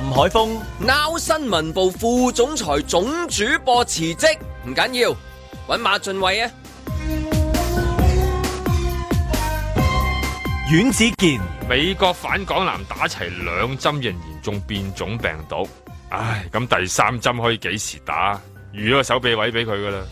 林海峰，Now 新聞部副總裁總主播辭職唔緊要，搵馬俊偉啊。阮子健，美國反港男打齊兩針仍然嚴重變種病毒，唉，咁第三針可以幾時打？預咗個手臂位俾佢噶啦。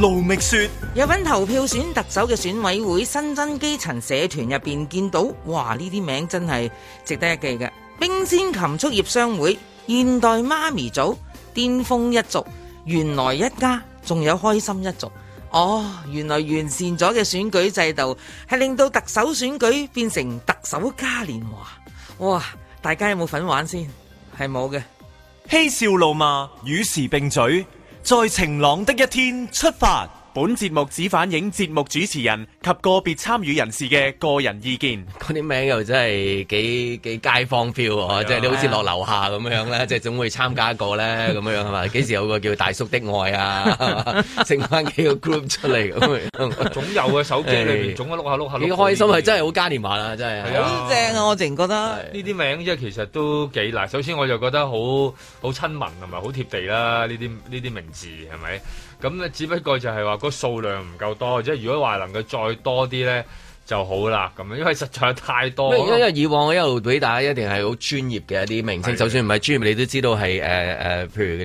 盧覓雪。有份投票選特首嘅選委會新增基層社團入邊，見到哇呢啲名真係值得一記嘅。冰鮮禽畜業商會、現代媽咪組、巔峰一族、原來一家，仲有開心一族。哦，原來完善咗嘅選舉制度係令到特首選舉變成特首嘉年華。哇！大家有冇份玩先？係冇嘅。嬉笑怒罵與時並舉，在晴朗的一天出發。本節目只反映節目主持人及個別參與人士嘅個人意見。嗰啲名又真係幾幾街坊 feel 即係你好似落樓下咁樣咧，即、哎、係、就是、總會參加過呢 這一個咧咁樣係嘛？幾時有個叫大叔的愛啊？ 剩翻幾個 group 出嚟咁，總有嘅手機裏面總會碌下碌下碌。幾開心係真係好嘉年華下真係好正啊！我直程覺得呢啲名即係其實都幾嗱。首先我就覺得好好親民同埋好貼地啦。呢啲呢啲名字係咪？咁咧，只不過就係話個數量唔夠多，即係如果話能夠再多啲咧就好啦，咁樣，因為實在係太多。因為因為以往一路俾大家一定係好專業嘅一啲明星，就算唔係專業，你都知道係誒誒，譬如嗰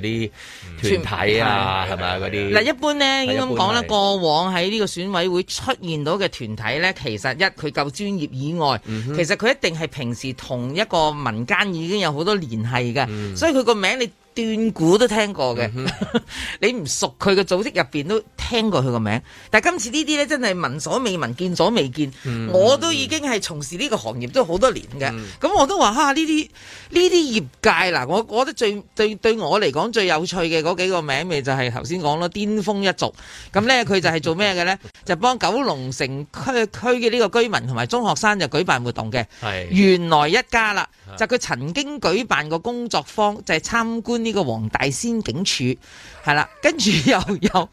啲團體啊，係咪啊嗰啲？嗱，一般咧咁講啦，過往喺呢個選委會出現到嘅團體咧，其實一佢夠專業以外，其實佢一定係平時同一個民間已經有好多聯繫嘅，所以佢個名你。斷估都聽過嘅，mm -hmm. 你唔熟佢嘅組織入邊都聽過佢個名字，但係今次這些呢啲咧真係聞所未聞、見所未見。Mm -hmm. 我都已經係從事呢個行業都好多年嘅，咁、mm -hmm. 嗯、我都話嚇呢啲呢啲業界啦，我覺得最對對我嚟講最有趣嘅嗰幾個名咪就係頭先講咯，巔峰一族。咁、嗯、呢，佢、mm -hmm. 就係做咩嘅呢？就幫九龍城區區嘅呢個居民同埋中學生就舉辦活動嘅。Mm -hmm. 原來一家啦。就佢、是、曾經舉辦個工作坊，就係、是、參觀呢個黃大仙警署係啦，跟住又有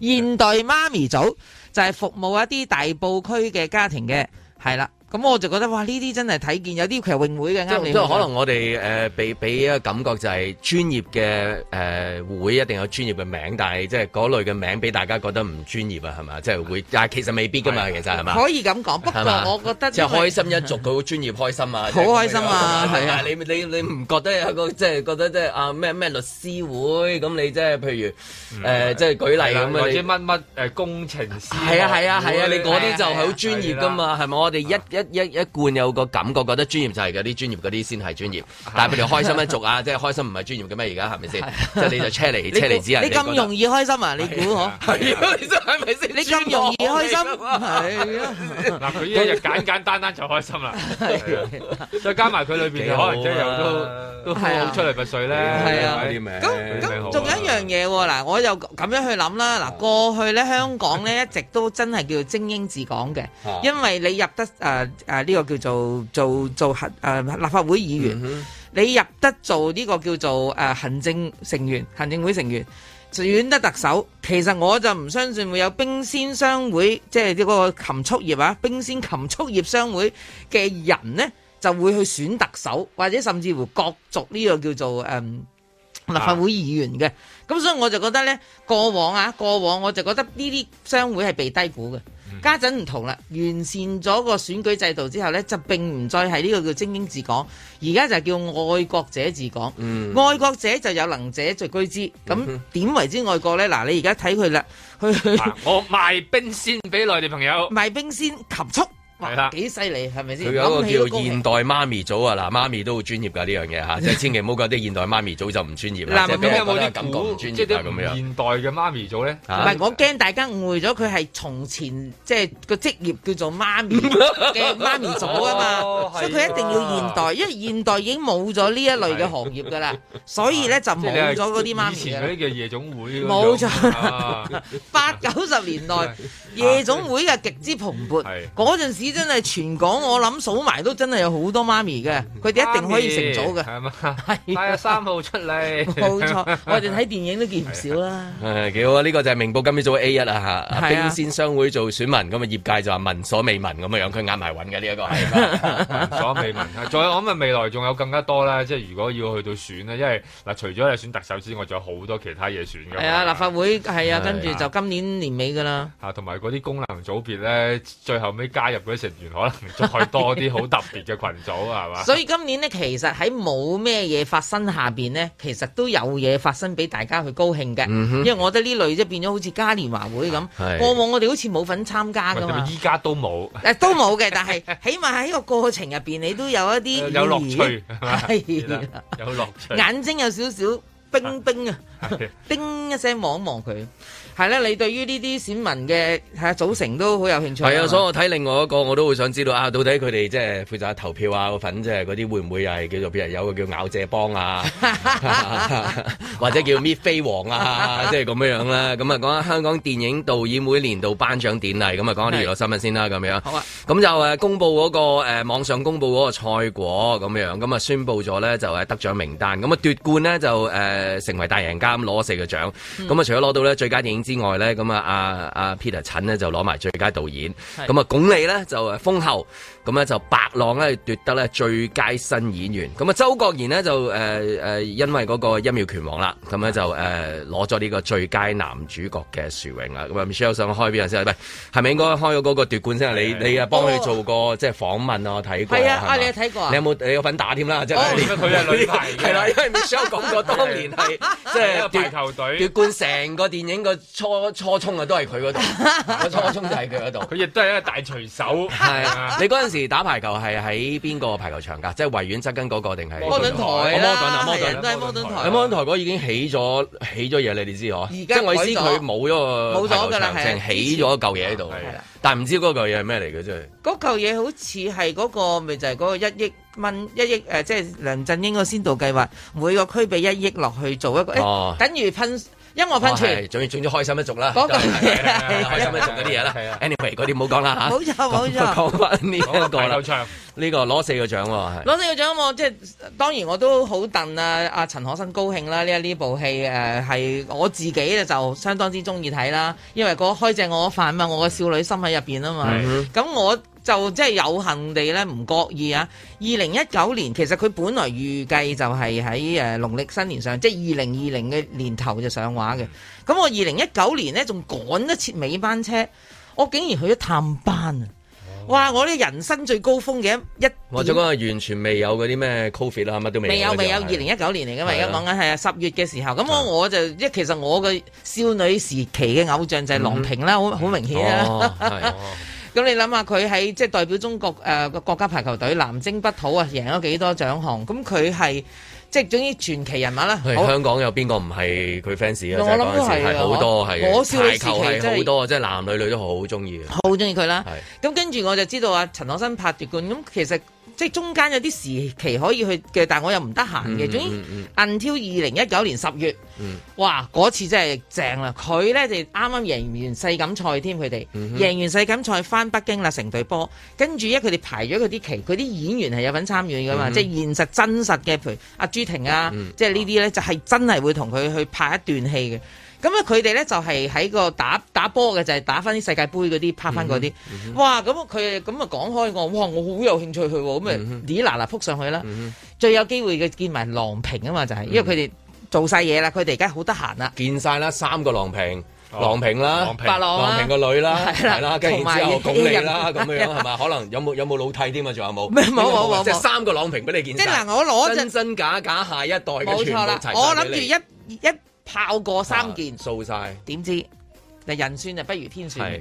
現代媽咪組就係、是、服務一啲大埔區嘅家庭嘅，係啦。咁我就覺得哇，呢啲真係睇見有啲其實榮會嘅，啱、就是、你會會。可能我哋誒俾俾一個感覺就係專業嘅誒、呃、會一定有專業嘅名，但係即係嗰類嘅名俾大家覺得唔專業、就是、啊，係咪？即係會，但係其實未必噶嘛、啊，其實係咪？可以咁講，不過我覺得即係開心一族，佢好專業開心啊，好 開心啊！係啊，啊，你你你唔覺得有個即係、就是、覺得即、就、係、是、啊咩咩律師會咁、呃就是嗯啊？你即係譬如誒，即係舉例咁啊，或者乜乜誒工程師係啊係啊係啊，啊！你嗰啲就係好專業噶嘛，係咪、啊啊啊啊啊？我哋一一。嗯一一一貫有個感覺，覺得專業就係嗰啲專業嗰啲先係專業，但係佢哋開心一族啊！即係開心唔係專業嘅咩？而家係咪先？即係你就車厘車厘子啊！你咁容易開心啊？你估嗬？係啊，啊，啊！你真係咪先？你咁容易開心？係啊！嗱、啊，佢、啊啊、一日簡簡單單就開心啦。再、啊、 加埋佢裏邊，可能即係又都都攞出嚟拔水咧。係啊，啊啊啊啊啊咁咁仲、啊、有一樣嘢喎嗱，我又咁樣去諗啦嗱，過去咧、 啊啊、香港咧一直都真係叫做精英治港嘅、嗯，因為你入得誒。呃誒、啊，呢、這個叫做做做誒、呃、立法會議員，mm -hmm. 你入得做呢個叫做誒、呃、行政成員、行政會成員，選得特首，其實我就唔相信會有冰鮮商會，即係啲嗰個禽畜業啊，冰鮮禽畜業商會嘅人呢，就會去選特首，或者甚至乎角逐呢個叫做誒、呃、立法會議員嘅。咁、uh. 所以我就覺得呢，過往啊，過往我就覺得呢啲商會係被低估嘅。家陣唔同啦，完善咗個選舉制度之後呢，就並唔再係呢個叫精英治港，而家就叫愛國者治港。嗯、愛國者就有能者在居之。咁、嗯、點為之愛國呢？嗱，你而家睇佢啦，佢 我賣冰鮮俾內地朋友，賣冰鮮及速。係幾犀利，係咪先？佢有一個叫現代媽咪組啊！嗱，媽咪都好專業㗎呢樣嘢嚇，即係千祈唔好講啲現代媽咪組就唔專業啦。咁、啊就係、有冇現代嘅媽咪組咧？唔、啊、係，我驚大家誤會咗佢係從前即係個職業叫做媽咪嘅媽咪組啊嘛， 所以佢一定要現代，因為現代已經冇咗呢一類嘅行業㗎啦，所以咧就冇咗嗰啲媽咪啊！叫夜總會冇錯、啊，八九十年代夜總會嘅極之蓬勃，啊，嗰陣時真係全港，我諗數埋都真係有好多媽咪嘅，佢哋一定可以成組嘅。係嘛，帶個三號出嚟，冇錯。我哋睇電影都見唔少啦。誒，幾好啊！呢、啊這個就係明報今朝做 A 一啊吓。係啊，冰鮮商會做選民咁啊，業界就話聞所未聞咁嘅樣，佢壓埋穩嘅呢一個。是 聞所未聞，再我諗啊，未來仲有更加多啦。即係如果要去到選咧，因為嗱、啊，除咗係選特首之外，仲有好多其他嘢選嘅。係啊，立法會係啊，跟住就今年年尾噶啦。同埋嗰啲功能組別咧，最後尾加入嗰。成員可能再多啲好特別嘅群組啊，係嘛？ 所以今年呢，其實喺冇咩嘢發生下邊呢，其實都有嘢發生俾大家去高興嘅、嗯。因為我覺得呢類即係變咗好似嘉年華會咁，過往我哋好似冇份參加㗎嘛。依家都冇，誒 都冇嘅，但係起碼喺呢個過程入邊，你都有一啲有樂趣係嘛？有樂趣， 樂趣 眼睛有少少冰冰啊，叮一聲望望佢。看係啦，你對於呢啲選民嘅係組成都好有興趣。係啊，所以我睇另外一個我都會想知道啊，到底佢哋即係負責投票啊嗰份，即係嗰啲會唔會係叫做譬如有個叫咬謝幫啊， 或者叫咩飛 王啊，即係咁樣樣咧。咁啊，講下香港電影導演會年度頒獎典禮，咁啊講下娛樂新聞先啦，咁樣、那個。好啊。咁就誒公佈嗰個誒網上公佈嗰個賽果咁樣，咁啊宣佈咗咧就誒得獎名單，咁啊奪冠呢就誒成為大贏家攞四個獎，咁啊除咗攞到咧最佳電影之外咧，咁啊，阿、啊、阿 Peter 陳呢就攞埋最佳導演，咁啊，鞏、嗯、俐呢就封后，咁、嗯、咧就白浪咧奪得咧最佳新演員，咁、嗯、啊，周國賢呢就誒誒、呃，因為嗰個一秒拳王啦，咁咧、嗯、就誒攞咗呢個最佳男主角嘅殊榮啊，咁啊、嗯、Michelle 想開邊啊先，係咪應該開咗嗰個奪冠先啊？你你啊幫佢做個即係訪問啊？我睇過，係啊，你有睇、哦、過，過？你有冇你有份打添啦？即佢係女排係啦，因為 Michelle 講過當年係即係排球隊奪冠成個電影個。初初沖啊，都係佢嗰度，初充 就係佢嗰度。佢亦都係一個大隨手。 你嗰陣時打排球係喺邊個排球場噶？即、就、係、是、維園側跟嗰個定係摩頓台、哦、摩頓台？摩頓台、台。摩頓台嗰已經起咗起咗嘢，你哋知可？而家我知佢冇咗個冇咗嘅啦，係起咗一嚿嘢喺度。但係唔知嗰嚿嘢係咩嚟嘅，真係。嗰嚿嘢好似係嗰個，咪就係、是、嗰個一億蚊，一億即係、呃就是、梁振英個先導計劃，每個區俾一億落去做一個，哦欸、等於分。音樂噴泉，係仲要中咗開心一族啦，個開心一族嗰啲嘢啦，anyway 嗰啲唔好講啦吓，冇錯冇錯，講翻呢個劉呢 個攞四個獎喎，攞四個獎、啊、即係當然我都好戥啊阿陳、啊、可辛，高興啦，呢一呢部戲誒係我自己咧就相當之中意睇啦，因為開正我飯嘛，我個少女心喺入邊啊嘛，咁、mm -hmm. 我。就即係有幸地咧，唔覺意啊！二零一九年，其實佢本來預計就係喺誒農曆新年上，即係二零二零嘅年頭就上畫嘅。咁我二零一九年呢，仲趕得切尾班車，我竟然去咗探班啊、哦！哇！我啲人生最高峰嘅一，或者嗰個完全未有嗰啲咩 covid 啦，乜都未未有，未有二零一九年嚟噶嘛？而家講緊係啊，十月嘅時候，咁我我就即其實我個少女時期嘅偶像就係郎平啦，好、嗯、好明顯啊！哦 咁你諗下佢喺即係代表中國誒個國家排球隊南征北討啊，贏咗幾多獎項？咁佢係。即係總之傳奇人物啦，香港有邊個唔係佢 fans 咧？我諗都係，好、就是、多係，台球係好多，即係男女女都好中意，好中意佢啦。咁跟住我就知道啊，陳可辛拍奪冠。咁其實即係中間有啲時期可以去嘅，但我又唔得閒嘅。總之、嗯嗯、，until 二零一九年十月、嗯，哇，嗰次真係正啦！佢咧就啱啱贏完世錦賽添，佢哋贏完世錦賽翻北京啦，成隊波。跟住咧佢哋排咗佢啲期，佢啲演員係有份參與㗎嘛，即係現實真實嘅，譬如、啊朱婷音色音色啊，即、嗯、係、啊、呢啲咧就係、是、真係會同佢去拍一段戲嘅。咁咧佢哋咧就係、是、喺個打打波嘅，就係、是、打翻啲世界杯嗰啲拍翻嗰啲。哇、哦，咁佢咁啊講開我，哇，我好有興趣去、哦，咁咪咦，嗱嗱撲上去啦、嗯。最有機會嘅見埋郎平啊嘛，就 係色因為佢哋做晒嘢啦，佢哋而家好得閒啦，見晒啦三個郎平。郎平啦、哦，白郎、啊、平個女啦，係啦，跟住之後鞏俐啦，咁樣係嘛？ 可能有冇有冇老替添嘛？仲有冇？冇冇冇，即係三個郎平俾你見。即嗱，我攞真真假假下一代嘅全，全我諗住一一炮過三件，掃、啊、晒。點知人算就不如天算。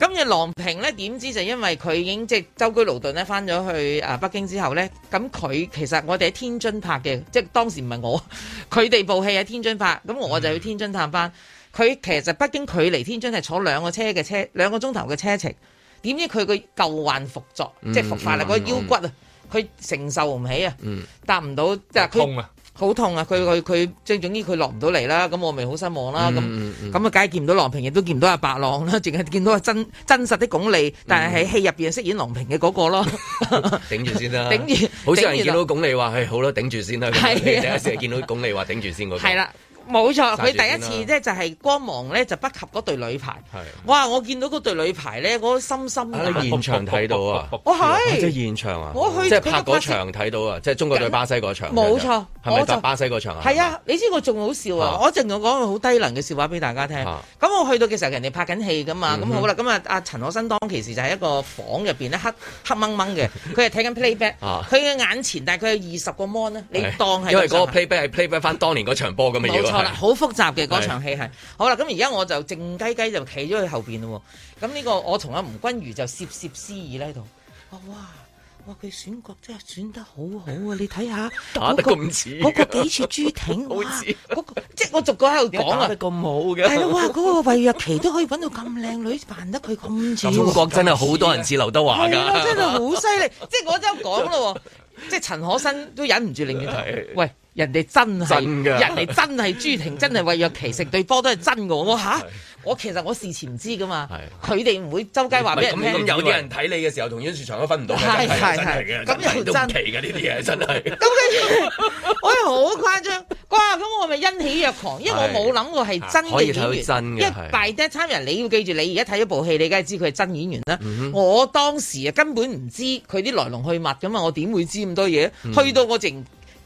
咁嘅郎平咧，點知就因為佢已經即係舟居勞頓咧，翻咗去北京之後咧，咁佢其實我哋喺天津拍嘅，即係當時唔係我，佢哋部戲喺天津拍，咁我我就去天津探翻。嗯。佢其實北京距離天津係坐兩個車嘅車，兩個鐘頭嘅車程。點知佢個舊患復作，嗯、即係復發啦，嗯嗯那個腰骨啊，佢、嗯、承受唔起啊，達、嗯、唔到，嗯、即係佢好痛啊！佢佢佢，即係總之佢落唔到嚟啦。咁我咪好失望啦。咁咁啊，梗係、嗯、見唔到郎平，亦都見唔到阿白浪啦，淨係見到真真實啲鞏俐，嗯、但係喺戲入邊飾演郎平嘅嗰、那個咯。嗯、 頂住先啦、啊！ 頂住，好少人見到鞏俐話，唉、哎，好啦，頂住先啦。係啊！第一、啊、見到鞏俐話頂住先嗰、那、啦、個。 冇錯，佢第一次咧就係光芒咧就不及嗰隊女，女排。我話我見到嗰隊女排咧，嗰個深深、啊。喺現場睇到啊！我去、哦啊、即係現場啊！我去即係拍嗰場睇到啊！即係中國對巴西嗰場。冇、嗯、錯。係咪拍巴西嗰場啊？係啊！你知我仲好笑啊！我淨係講個好低能嘅笑話俾大家聽。咁、啊、我去到嘅時候，人哋拍緊戲噶嘛。咁、嗯、好啦，咁啊啊陳可辛當其時就係一個房入邊咧黑黑掹掹嘅，佢係睇緊 playback、啊。佢嘅眼前大概有二十個 mon 啦、哎，你當係因為嗰個 playback 係 playback 翻當年嗰場波咁嘅嘢好複雜嘅嗰場戲係，好啦，咁而家我就靜雞雞就企咗佢後邊咯。咁呢個我同阿吳君如就攝攝私義咧喺度。哇哇，哇佢選角真係選得好好啊！你睇下，打得咁似，嗰個幾似朱婷，哇，嗰個即係我逐個喺度講，係咁好嘅啊。係咯，哇，嗰個惠若琪都可以揾到咁靚女，扮得佢咁似。中國真係好多人似劉德華噶，真係好犀利。 即係我就講咯， 即係陳可辛都忍唔住擰轉頭。 不住 喂。人哋真係，真的的人哋真係朱婷，真係惠若琪，對波都係真嘅。我吓，啊、我其實我事前唔知噶嘛。佢哋唔會周街話咩？咁咁有啲人睇你嘅時候，同演雪場都分唔到真係嘅，咁真，真，真都奇嘅呢啲嘢真係。咁跟住我又好誇張哇？咁我咪欣喜若狂，因為我冇諗過係真嘅演員。因爹參人，time, 你要記住，你而家睇一部戲，你梗係知佢係真演員啦、嗯。我當時啊根本唔知佢啲來龍去脈咁啊，我點會知咁多嘢、嗯？去到我淨。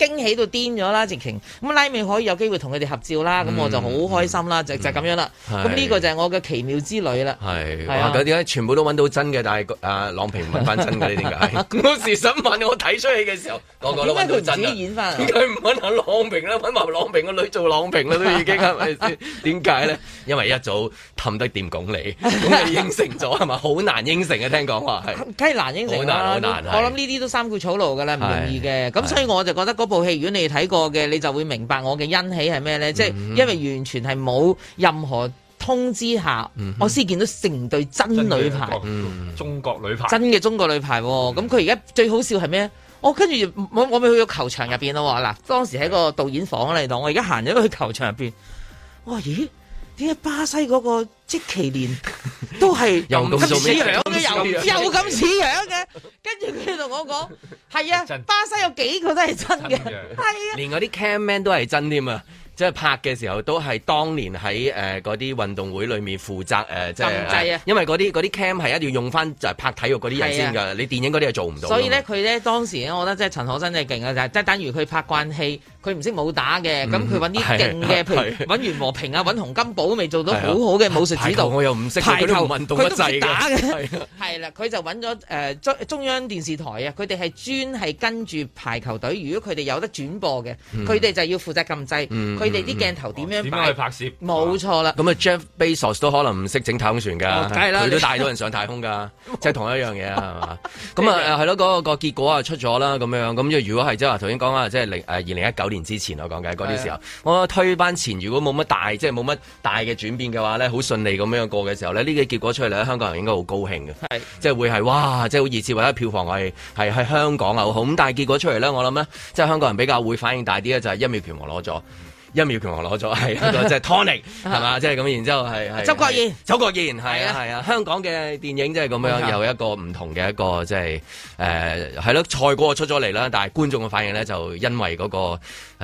驚喜到癲咗啦，直情咁拉尾可以有機會同佢哋合照啦，咁、嗯、我就好開心啦、嗯，就就咁樣啦。咁呢個就係我嘅奇妙之旅啦。係，咁點解全部都揾到真嘅，但係阿、啊、朗平唔揾翻真嘅咧？點解？ 我時想問，我睇齣戲嘅時候，個個都揾到真嘅。點解唔揾下朗平咧？揾埋朗平個女做朗平啦，都已經係咪先？點解咧？因為一早氹得掂鞏俐，咁 你應承咗係咪？好難應承、啊、嘅，聽講話係。梗係難應承，好難好難。我諗呢啲都三顧草廬嘅啦，唔容易嘅。咁所以我就覺得部戲如果你睇過嘅，你就會明白我嘅欣喜係咩咧？即、嗯、係因為完全係冇任何通知下、嗯，我先見到成隊真女排，中國女排，嗯、真嘅中國女排。咁佢而家最好笑係咩、哦？我跟住我我咪去咗球場入邊咯。嗱，當時喺個導演房嚟，當我而家行咗去球場入邊，我咦？點解巴西嗰個即奇連都係咁似樣嘅？ 又 又咁似樣嘅？ 樣 跟住佢同我講：係 啊，巴西有幾個都係真嘅，係 啊，連嗰啲 cameraman 都係真添啊！即係拍嘅時候，都係當年喺誒嗰啲運動會裏面負責誒、呃，即係、啊呃，因為嗰啲啲 cam 係一定要用翻就係拍體育嗰啲人先㗎，啊、你電影嗰啲係做唔到。所以咧，佢咧當時我覺得即係陳可辛真係勁啊！就係即係，等如佢拍慣戲，佢唔識武打嘅，咁佢揾啲勁嘅，啊、譬如揾袁、啊、和平啊，揾洪金寶，未做到好好嘅武術指導，我又唔識排球運動乜滯嘅。係啦、啊 啊，佢就揾咗誒中中央電視台啊，佢哋係專係跟住排球隊。如果佢哋有得轉播嘅，佢、嗯、哋就要負責禁制。嗯嗯嗯嗯、你哋啲鏡頭點樣擺？點樣去拍攝？冇錯啦。咁啊就，Jeff Bezos 都可能唔識整太空船㗎，佢、啊、都帶到人上太空㗎，即、啊、係、就是、同一樣嘢 是吧 那就 啊。咁啊，係咯，嗰個結果啊出咗啦，咁樣咁。如果係即係頭先講啊，即係二零一九年之前我講嘅嗰啲時候，我推班前如果冇乜大，即係冇乜大嘅轉變嘅話咧，好順利咁樣過嘅時候呢，呢個結果出嚟咧，香港人應該好高興嘅，即係、就是、會係哇，即係好熱切或者票房係係香港又好。咁但係結果出嚟咧，我諗咧，即、就、係、是、香港人比較會反應大啲咧，就係、是、一秒拳王攞咗。一秒拳王攞咗，係一個即係 ToNick，係嘛？即係咁，然之後係周國賢，周國賢係啊，係啊，香港嘅電影即係咁樣、啊、有一個唔同嘅一個即係誒係咯，蔡、就、哥、是呃、出咗嚟啦，但係觀眾嘅反應咧就因為嗰、那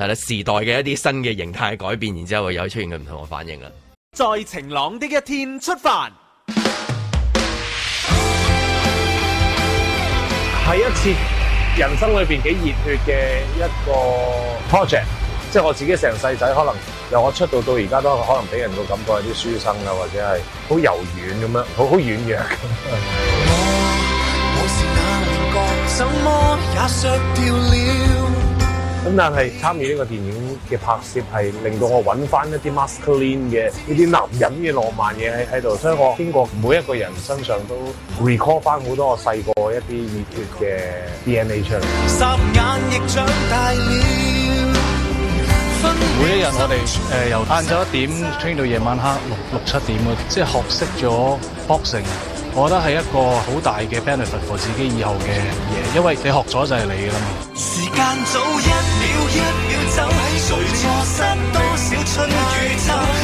個誒時代嘅一啲新嘅形態的改變，然之後會有出現嘅唔同嘅反應啦。再晴朗一啲的一天出發，係一次人生裏邊幾熱血嘅一個 project。即係我自己成世仔，可能由我出道到而家都可能俾人個感覺係啲書生啦，或者係好柔軟咁樣，好好軟弱。咁 但係參與呢個電影嘅拍攝係令到我揾翻一啲 masculine 嘅呢啲男人嘅浪漫嘢喺喺度，所以我經過每一個人身上都 recall 翻好多我細個一啲熱血嘅 DNA 出嚟。霎眼亦長大了。每一日我哋誒、呃、由晏晝一點 train 到夜晚黑六六七點啊，即係學識咗 boxing 我覺得係一個好大嘅 benefit for 自己以後嘅嘢，因為你學咗就係你噶啦嘛。時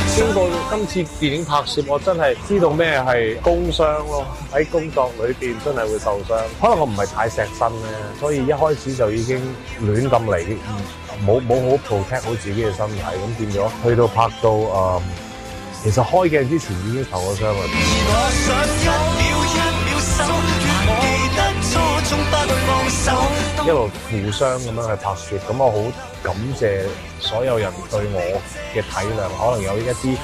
經過今次電影拍攝，我真係知道咩係工傷咯。喺工作裏邊真係會受傷。可能我唔係太錫身咧，所以一開始就已經亂咁嚟，冇冇好 protect 好自己嘅身體。咁變咗去到拍到，誒，其實開鏡之前已經受咗傷啦。一路互相咁樣去拍攝，咁我好感謝所有人對我嘅體諒。可能有一啲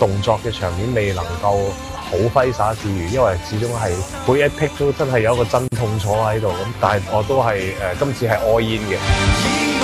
動作嘅場面未能夠好揮灑自如，因為始終係每一批都真係有一個真痛坐喺度。咁但係我都係誒、呃，今次係 all in 嘅。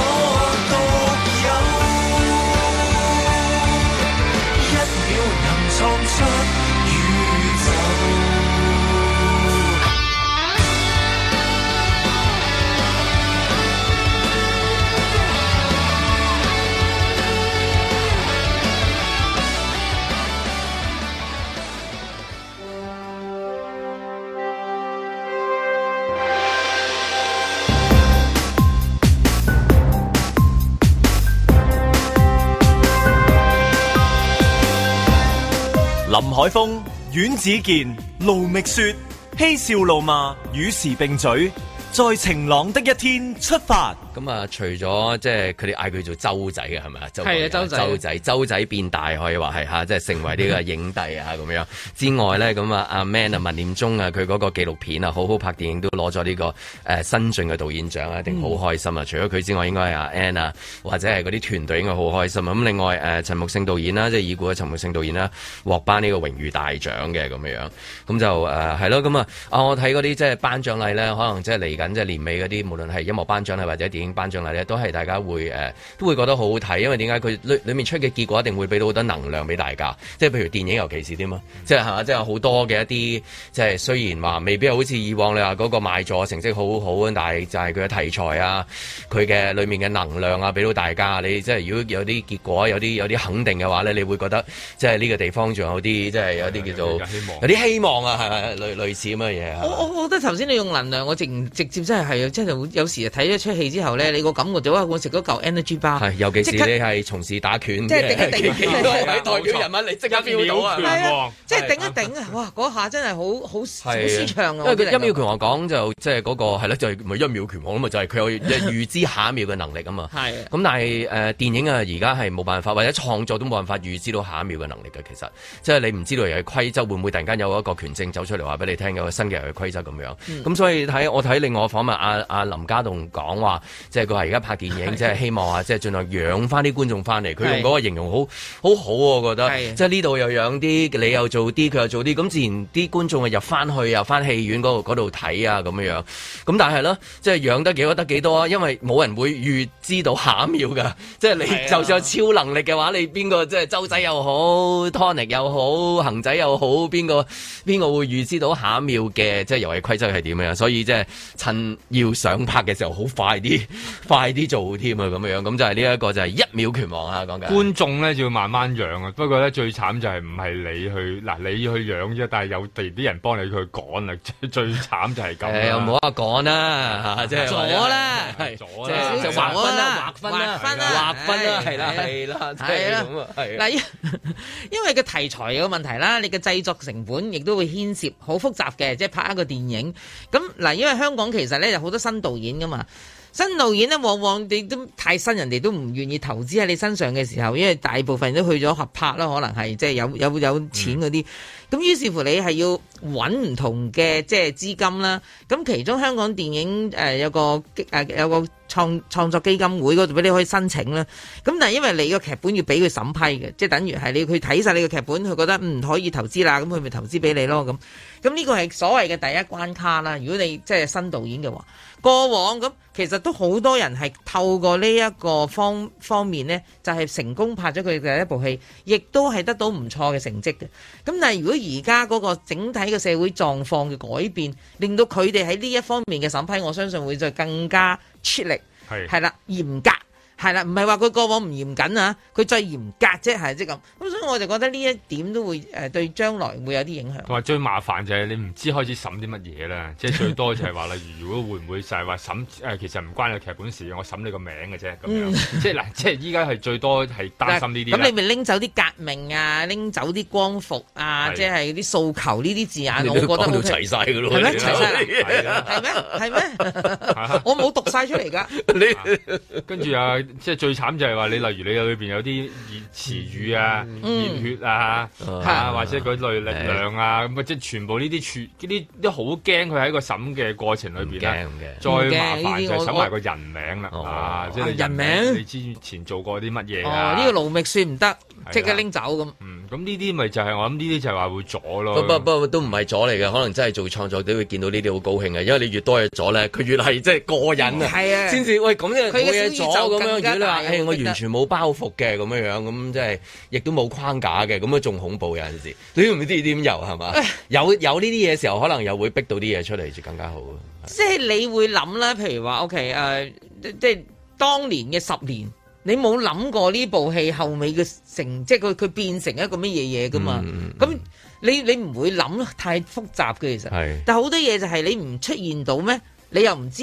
林海峰、阮子健、盧覓雪、嬉笑怒罵與時並舉，在晴朗的一天出發。咁、嗯、啊，除咗即係佢哋嗌佢做周仔嘅，係咪啊？係啊，周仔，周仔，周仔變大可以話係吓，即係、啊、成為呢個影帝啊咁樣。之外咧，咁啊，阿、 啊啊、Man 啊，文念中啊，佢嗰個紀錄片啊，好好拍電影都攞咗呢個誒、啊、新晉嘅導演獎啊，一定好開心啊、嗯！除咗佢之外，應該係阿、啊、Ann 啊，或者係嗰啲團隊應該好開心啊！咁另外誒，陳、啊、木勝導演啦、啊，即係已故嘅陳木勝導演啦，獲頒呢個榮譽大獎嘅咁樣。樣。咁就誒係咯，咁啊啊，我睇嗰啲即係頒獎禮咧，可能即係嚟緊即係年尾嗰啲，無論係音樂頒獎禮或者點。頒獎禮咧，都係大家會誒，都會覺得好好睇，因為點解佢裏裏面出嘅結果一定會俾到好多能量俾大家。即係譬如電影，尤其是啲嘛，即係係即係好多嘅一啲，即係雖然話未必好似以往你話嗰個賣座成績好好，但係就係佢嘅題材啊，佢嘅裏面嘅能量啊，俾到大家。你即係、就是、如果有啲結果，有啲有啲肯定嘅話咧，你會覺得即係呢個地方仲有啲，即、就、係、是、有啲叫做有啲希,希望啊，係類,類似咁嘅嘢啊？我我覺得頭先你用能量，我直接直接真係係，即係有時睇咗出戲之後。你個感覺就哇！我食咗嚿 energy bar，尤其是你係從事打拳即係 、啊啊就是、頂一頂，都係代表人物，你即刻 feel 到啊。即係頂一頂啊！哇，嗰下真係好好舒暢啊！因為一秒拳王講就即係嗰個係啦，就唔、是、係、那個就是那個、一秒拳王啊嘛，就係、是、佢有、就是、預知下一秒嘅能力啊嘛。咁 但係誒、呃、電影啊，而家係冇辦法，或者創作都冇辦法預知到下一秒嘅能力嘅。其實即係、就是、你唔知道人嘅規則會唔會突然間有一個權證走出嚟話俾你聽，有個新嘅人嘅規則咁樣。咁、嗯嗯嗯、所以睇我睇另外訪問阿阿林家棟講話。即係佢話而家拍電影，即係、就是、希望啊，即係盡量養翻啲觀眾翻嚟。佢用嗰個形容好好好喎，我覺得即係呢度又養啲，你又做啲，佢又做啲，咁自然啲觀眾啊入翻去又翻戲院嗰度睇啊咁樣樣。咁但係咧，即、就、係、是、養得幾多得幾多啊？因為冇人會預知到下一秒㗎。即、就、係、是、你、啊、就算有超能力嘅話，你邊個即係周仔又好，Tony 又好，恒仔又好，邊個邊個會預知到下一秒嘅即係遊戲規則係點樣？所以即係趁要想拍嘅時候好快啲。快啲做添啊！咁樣咁就係呢一個就係一秒拳王啊！講緊觀眾咧就要慢慢養啊。不過咧最慘就係唔係你去嗱你去養啫，但係有地啲人幫你去趕、欸就是就是就是、啊。最慘就係咁誒，又冇得趕啦，吓即係咗啦，係咗啦，即係就劃分啦，劃分啦，劃分啦，係啦，係啦，係啦，咁啊，係嗱因因為，因為個題材個問題啦，你嘅製作成本亦都會牽涉好複雜嘅，即係拍一個電影咁嗱。因為香港其實咧有好多新導演噶嘛。新導演呢，往往你都太新，人哋都唔願意投資喺你身上嘅時候，因為大部分人都去咗合拍啦，可能係即係有有有錢嗰啲，咁於是乎你係要揾唔同嘅即係資金啦。咁其中香港電影誒、呃、有個誒、啊、有個創創作基金會嗰度俾你可以申請啦。咁但係因為你個劇本要俾佢審批嘅，即、就、係、是、等於係你佢睇晒你個劇本，佢覺得唔、嗯、可以投資啦，咁佢咪投資俾你咯。咁咁呢個係所謂嘅第一關卡啦。如果你即係、就是、新導演嘅話。過往咁其實都好多人係透過呢一個方方面咧，就係、是、成功拍咗佢嘅一部戲，亦都係得到唔錯嘅成績嘅。咁但係如果而家嗰個整體嘅社會狀況嘅改變，令到佢哋喺呢一方面嘅審批，我相信會再更加出力係啦，嚴格。係啦，唔係話佢過往唔嚴謹啊，佢最嚴格啫，係即係咁。咁所以我就覺得呢一點都會誒、呃、對將來會有啲影響。同埋最麻煩就係你唔知開始審啲乜嘢啦， 即係最多就係話例如如果會唔會就係話審誒，其實唔關你劇本事，我審你個名嘅啫。咁樣， 即係嗱，即係依家係最多係擔心呢啲。咁你咪拎走啲革命啊，拎走啲光復啊，即係啲訴求呢啲字眼，我覺得。講到齊晒噶咯，齊晒，係咩？係咩？我冇讀晒出嚟噶。你跟住啊？即係最慘就係話你，例如你裏邊有啲熱詞語啊、嗯、熱血啊，嗯、啊或者嗰類力量啊，咁啊即係全部呢啲全呢啲都好驚，佢喺個審嘅過程裏邊咧，再麻煩就係審埋個人名啦，啊即係、啊、人名你之前做過啲乜嘢啊？呢、啊呢個勞力算唔得。即刻拎走咁，嗯，咁呢啲咪就係、是、我諗呢啲就係話會阻咯。不不不，都唔係阻嚟嘅，可能真係做創作都會見到呢啲好高興嘅，因為你越多嘢阻咧，佢越係即係過癮啊，係、哦、啊，先至喂咁樣冇嘢阻咁樣，如果你話誒我完全冇包袱嘅咁樣樣，咁即係亦都冇框架嘅，咁樣仲恐怖有陣時，你知唔知啲點游係嘛？有有呢啲嘢嘅時候，可能又會逼到啲嘢出嚟，就更加好。即係你會諗啦，譬如話 O K 誒，okay, uh, 即係當年嘅十年。你冇諗過呢部戲後尾嘅成，即係佢佢變成一個乜嘢嘢㗎嘛？咁、嗯嗯、你你唔會諗太複雜嘅其實，但係好多嘢就係你唔出現到咩，你又唔知。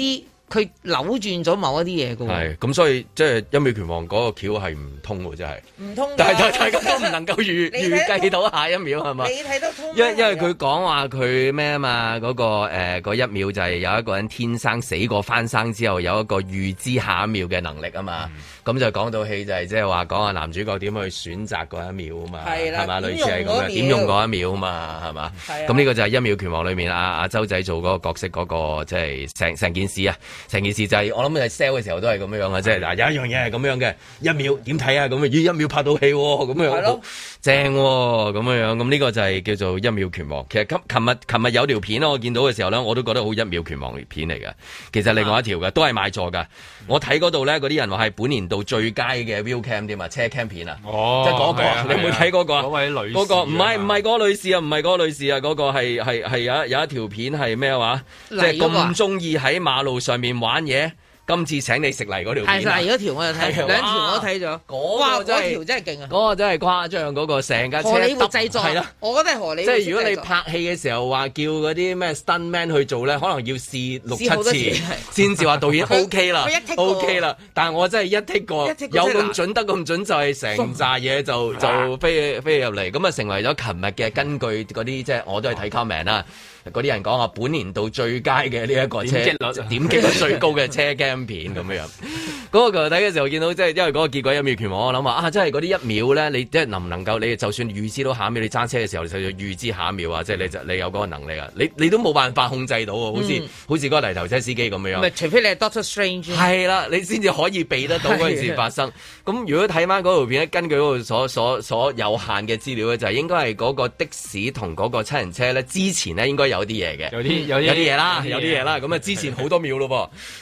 佢扭轉咗某一啲嘢嘅，係咁，所以即係一秒拳王嗰個橋係唔通喎，真係唔通，但係大家都唔能夠預預 計到下一秒係嘛？你睇得通，因為因為佢講話佢咩啊嘛？嗰、那個、呃、一秒就係有一個人天生死過翻生之後有一個預知下一秒嘅能力啊嘛，咁、嗯、就講到戲就係即係話講下男主角點去選擇嗰一秒啊嘛，係咪？嘛類似係咁嘅，點用嗰一秒啊嘛，係嘛？咁呢個就係一秒拳王裏面啊，阿、啊、周仔做嗰個角色嗰、那個即係成成件事啊！成件事就係、是、我諗，係 sell 嘅時候都係咁樣樣嘅啫。嗱，有一樣嘢係咁樣嘅，一秒點睇啊？咁一秒拍到戲喎、哦，咁樣樣，正喎、哦，咁樣樣。咁呢個就係叫做一秒拳王。其實琴日琴日有條片我見到嘅時候咧，我都覺得好一秒拳王片嚟嘅。其實另外一條嘅都係買座㗎。我睇嗰度呢，嗰啲人話係本年度最佳嘅 view cam 點啊，車 cam 片啊。哦，即係、那、嗰個，你會睇嗰個？嗰位女，嗰個唔係唔係嗰個女士啊，唔係嗰個女士啊，嗰、那個係係有一有一條片係咩話？即係咁中意喺馬路上面。玩嘢，今次請你食嚟嗰條，係泥嗰條我就睇，兩條我都睇咗。嗰條，啊嗰個、條真係、啊嗰個、誇張，嗰、嗰個真係誇張，嗰個成架車。荷里活製作係啦，我覺得係合理。即係如果你拍戲嘅時候話叫嗰啲咩 stunt man 去做咧，可能要試六七次先至話導演 OK 啦，OK 啦、okay。但我真係一剔過，過有咁準得咁準，準準就係成扎嘢就就飛入嚟，咁啊就成為咗琴日嘅根據嗰啲，即係我都係睇 comment 啦。嗰啲人講話，本年度最佳嘅呢一個點擊率，點擊率，率最高嘅車 game 片咁 樣。嗰、那個睇嘅時候，見到即係因為嗰個結果有妙拳喎，我諗話啊，真係嗰啲一秒咧，你即係能唔能夠你就算預知到下一秒你揸車嘅時候，你就要預知下一秒啊！即係你就你有嗰個能力啊！你你都冇辦法控制到喎，好似、嗯、好似嗰個泥頭車司機咁樣。唔除非你係 Doctor Strange，係啦，你先至可以避得到嗰件事發生。咁如果睇翻嗰條片咧，根據嗰度所所所有限嘅資料咧，就係、應該係嗰個的士同嗰個七人車咧，之前咧應該。有啲嘢嘅，有啲有啲嘢啦，有啲嘢啦。咁啊，之前好多秒咯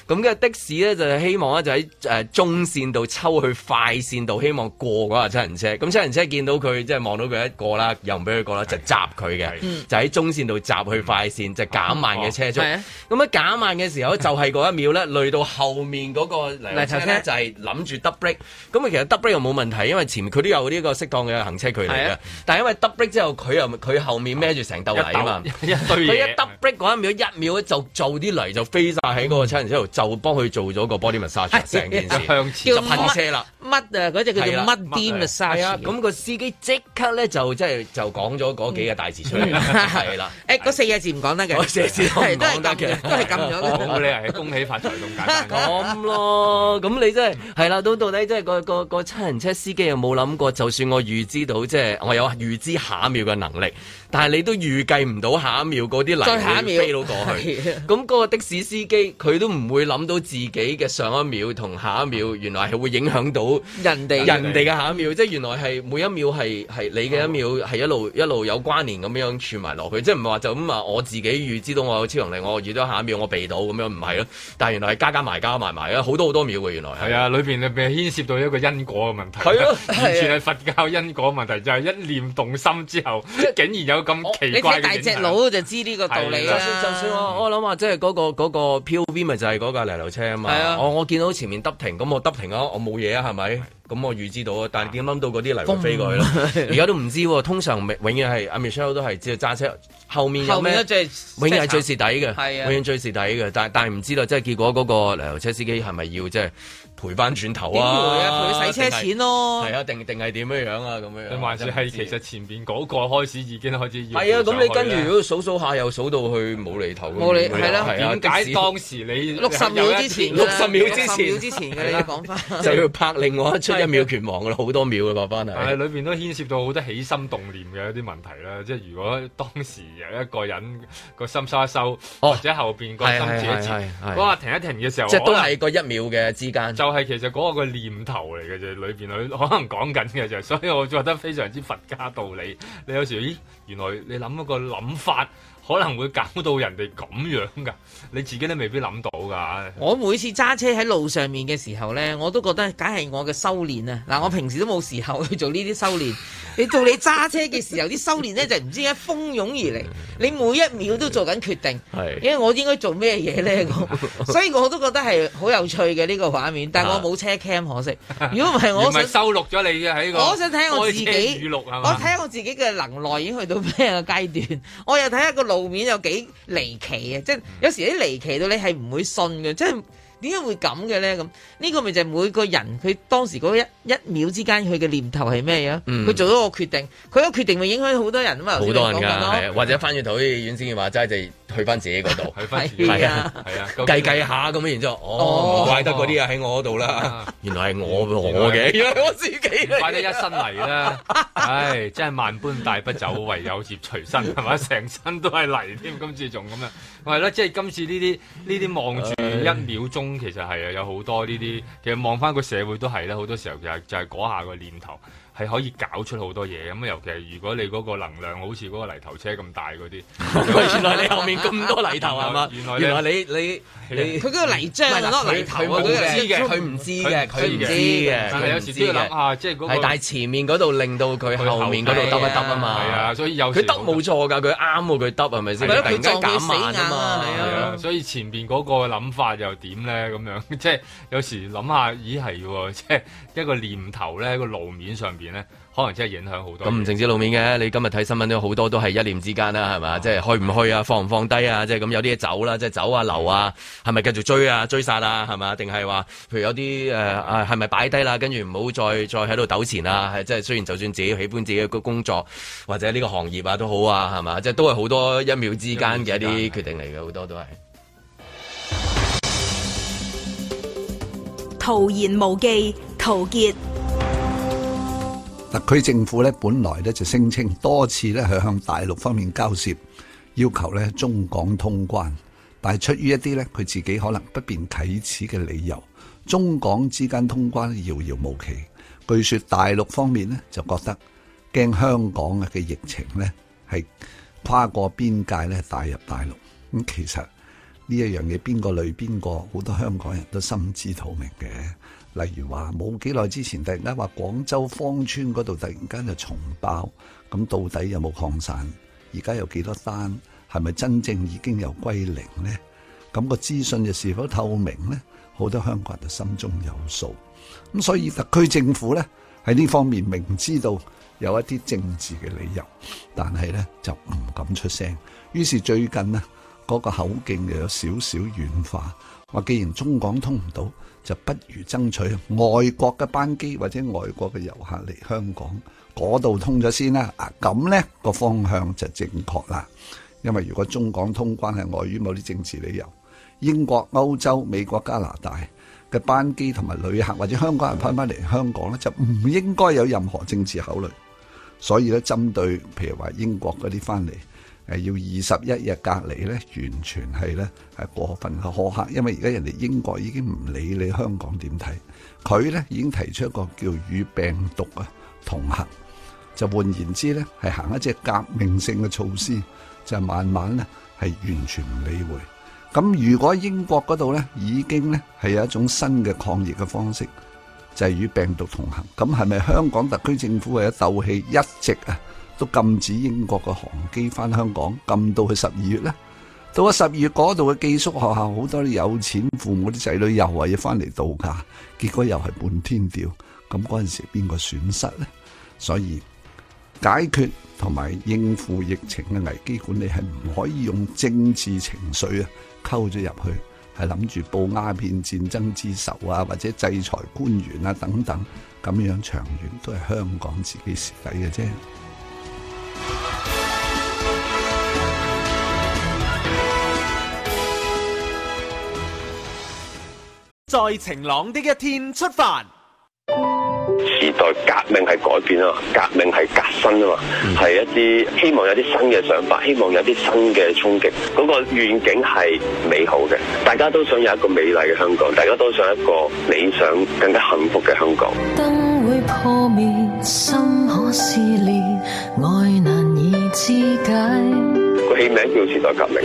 噃。咁嘅的，的士咧就希望咧就喺誒中線度抽去快線度，希望過嗰架七人車。咁七人車見到佢即係望到佢一個啦，又唔俾佢過啦，就閘佢嘅，是的是的就喺中線度閘去快線，就減慢嘅車速。咁啊，啊減慢嘅時候就係、是、嗰一秒咧，累到後面嗰個嚟頭車呢 就係諗住 double 咁啊其實 double 又冇問題，因為前面佢都有呢個適當嘅行車距離嘅。但係因為 double 之後佢又佢後面孭住成兜泥嘛。 佢一 double break 嗰一秒，一秒咧就做啲嚟就飛晒喺嗰個七人車度、嗯，就幫佢做咗個 body massage 成、哎、件事就向前，就噴車啦，乜啊嗰隻叫做乜 dim massage？咁、嗯個司機即刻呢，就即係就講咗嗰幾個大字出嚟啦，係、嗯、啦，誒、嗯、嗰、欸、四個字唔講得嘅，都係講得嘅，都係咁樣嘅冇理由係恭喜發財咁簡單咁咯，咁 你真係係啦，到、嗯、到底真係、個、個、個七人車司機有冇諗過？就算我預知到，即、就、係、是、我有預知下一秒嘅能力。但係你都預計唔到下一秒嗰啲泥會飛到過去，咁嗰、嗰個的士司機佢都唔會諗到自己嘅上一秒同下一秒原來係會影響到人哋人哋嘅下一秒，即係原來係每一秒係係你嘅一秒係一路一路，一路有關連咁樣串埋落去，即係唔係話就咁啊我自己預知到我有超能力，我預咗下一秒我避到咁樣唔係咯？但係原來係加加埋加埋埋啊，好多好多秒嘅原來係啊，裏邊裏邊牽涉到一個因果嘅問題，係完全係佛教因果嘅問題，就係、係、一念動心之後， 竟然有。咁奇怪，你睇大隻佬就知呢個道理啊，就算。就算我我諗話，嗰個，即係嗰個嗰 POV 咪就係嗰架泥頭車啊嘛。係啊，我，我我見到前面得停，停，咁我得停啊，我冇嘢啊，係咪？咁我預知到啊，但係點諗到嗰啲泥飛過去咧？而家都唔知喎，通常永遠係阿 Michelle 都係只係揸車。後面即咩？永遠係最蝕底嘅，永遠最蝕底嘅，但係但係唔知道即係結果嗰個車司機係咪要即係賠翻轉頭啊？賠佢、啊、洗車錢咯，係啊，定定係點樣樣啊？咁樣，還是係其實前面嗰個開始已經開始要。係啊，咁你跟住如果數數下，又數到去冇厘頭。冇厘，係啦。點解當時你六十秒之前？六十秒之前，六十秒之前嘅你講翻，就要拍另外一出一秒拳王噶啦，好多秒噶拍翻係。係裏面都牽涉到好多起心動念嘅一啲問題啦，即係如果當時。有一個人個心收一收，哦、或者後邊個心住一住，哇，停一停嘅時候，即都係個一秒嘅之間，就係其實嗰個念頭嚟嘅啫，裏邊可能講緊嘅就，所以我覺得非常之佛家道理。你有時咦，原來你諗一個諗法。可能會搞到人哋咁樣㗎，你自己都未必諗到㗎、啊。我每次揸車喺路上面嘅時候咧，我都覺得梗係我嘅修練啊！嗱，我平時都冇時候去做呢啲修練，你到你揸車嘅時候，啲 修練咧就唔、是、知點蜂擁而嚟。你每一秒都做緊決定，因為我應該做咩嘢咧？我 所以我都覺得係好有趣嘅呢、呢個畫面，但我冇車 cam 可惜。如果唔係我想係 收錄咗你嘅喺個，我想睇我自己我睇下我自己嘅能耐已經去到咩嘅階段？ 我又睇下個路。路面有幾離奇啊！即係有時啲離奇到你係唔會信嘅，即係。點解會咁嘅咧？咁呢個咪就係每個人佢當時嗰一一秒之間佢嘅念頭係咩嘢？佢、嗯、做咗個決定，佢個決定會影響好多人啊嘛。好多人噶、啊，或者翻轉頭啲怨聲嘅話齋就去翻自己嗰度，去翻係啊，係啊，計計下咁然之後，哦，怪得嗰啲啊喺我嗰度啦。原來係我我嘅，原來我自己怪得一身泥啦。 唉，真係萬般帶不走，唯有業隨身，係嘛？成身都係泥添，今次仲咁啊！係啦，即係今次呢啲呢啲望住一秒鐘，其實係啊，有好多呢啲，其實望翻個社會都係啦，好多時候就係、係、就係、係、嗰下個念頭。係可以搞出好多嘢，咁尤其係如果你嗰個能量好似嗰個泥頭車咁大嗰啲， 原來你後面咁多泥頭係嘛？原來你原來你、啊、你佢嗰個泥漿係泥頭佢唔知嘅，佢唔知嘅，佢唔知嘅。知有時都、就是、啊！即係但係前面嗰度令到佢後面嗰度得一得啊嘛！係啊，所以有時佢得冇錯㗎，佢啱喎，佢得係咪先？突然間減慢啊嘛，係啊！所以前面嗰個諗法又點咧？咁樣即係有時諗下咦，係喎，即係一個念頭咧，個路面上邊咧可能真係影響好多。咁唔淨止路面嘅，你今日睇新聞都好多都係一念之間啦，係嘛、哦？即係去唔去啊？放唔放低啊？即係咁有啲嘢走啦、啊，即係走啊留啊，係咪繼續追啊追殺啊？係嘛？定係話，譬如有啲誒係咪擺低啦？跟住唔好再再喺度糾纏啊！係、嗯、即係雖然就算自己喜歡自己嘅工作或者呢個行業啊都好啊，係嘛？即係都係好多一秒之間嘅一啲決定嚟嘅，好多都係。陶言無忌，陶傑。特區政府咧本來咧就聲稱多次咧去向大陸方面交涉，要求咧中港通關，但係出於一啲咧佢自己可能不便啟齒嘅理由，中港之間通關遙遙無期。據說大陸方面呢就覺得驚香港嘅嘅疫情咧係跨過邊界咧帶入大陸。咁其實呢一樣嘢邊個累邊個，好多香港人都心知肚明嘅。例如話冇幾耐之前，突然間話廣州芳村嗰度突然間就重爆，咁到底有冇擴散？而家有幾多單？係咪真正已經有歸零呢？咁個資訊又是否透明呢？好多香港人就心中有數。咁所以特區政府咧喺呢方面明知道有一啲政治嘅理由，但係咧就唔敢出聲。於是最近呢嗰個口徑又有少少軟化，話既然中港通唔到，就不如爭取外國嘅班機或者外國嘅遊客嚟香港嗰度通咗先啦。啊，咁呢個方向就正確啦。因為如果中港通關係礙於某啲政治理由，英國、歐洲、美國、加拿大嘅班機同埋旅客或者香港人翻返嚟香港呢，就唔應該有任何政治考慮。所以咧，針對譬如話英國嗰啲翻嚟。係要二十一日隔離咧，完全係咧係過分嘅苛刻，因為而家人哋英國已經唔理你香港點睇，佢咧已經提出一個叫與病毒啊同行，就換言之咧係行一隻革命性嘅措施，就慢慢咧係完全唔理會。咁如果英國嗰度咧已經咧係有一種新嘅抗疫嘅方式，就係與病毒同行，咁係咪香港特區政府為咗鬥氣一直啊？都禁止英國嘅航機翻香港，禁到去十二月呢。到咗十二月嗰度嘅寄宿學校，好多啲有錢父母啲仔女又話要翻嚟度假，結果又係半天吊。咁嗰陣時邊個損失呢？所以解決同埋應付疫情嘅危機管理係唔可以用政治情緒啊溝咗入去，係諗住報鴉片戰爭之仇啊，或者制裁官員啊等等咁樣，長遠都係香港自己蝕底嘅啫。在晴朗的一天出發。時代革命係改變啊，革命係革新啊嘛，係一啲希望有啲新嘅想法，希望有啲新嘅衝擊，嗰個願景係美好嘅，大家都想有一個美麗嘅香港，大家都想一個理想更加幸福嘅香港。燈會破滅，心可思，愛難以自解。個戲名叫時代革命，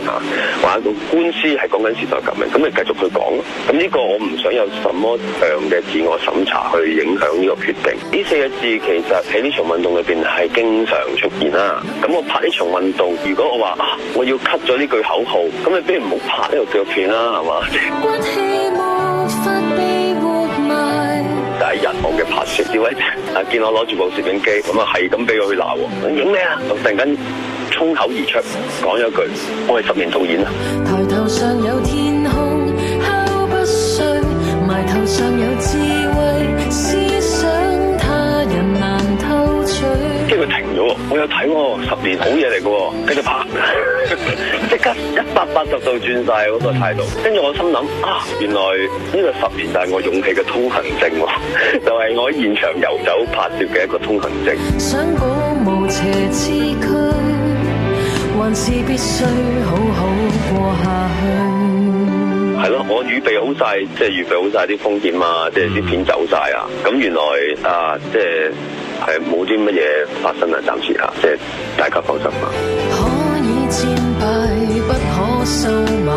話或個官司係講緊時代革命，咁你繼續去講。咁呢個我唔想有什麼樣嘅自我審查去影響呢個決定。呢四個字其實喺呢場運動裏面係經常出現啦。咁我拍呢場運動，如果我話啊，我要 cut 咗呢句口號，咁你不如唔 好拍呢個紀錄片啦，係嘛？但係日後嘅拍攝，點解啊？見我攞住部攝影機，咁啊係咁俾佢去鬧喎？影咩啊？咁突然間。衝口而出講咗一句，我係十年導演啊！抬頭上有天空敲不碎，埋頭上有智慧，思想他人難偷取。跟住佢停咗，我有睇喎，十年好嘢，嚟嘅。跟住拍，即 刻一百八十度轉晒嗰個態度。跟住我心諗啊，原來呢個十年就係我勇氣嘅通行證，就係、是、我喺現場遊走拍攝嘅一個通行證。想古無邪之軀。係咯好好，我預備好晒，即係預備好晒啲風險啊，即係啲片走晒啊。咁原來啊，即係係冇啲乜嘢發生啊，暫時吓，即、就、係、是、大家放心啊。可以戰敗，不可收買，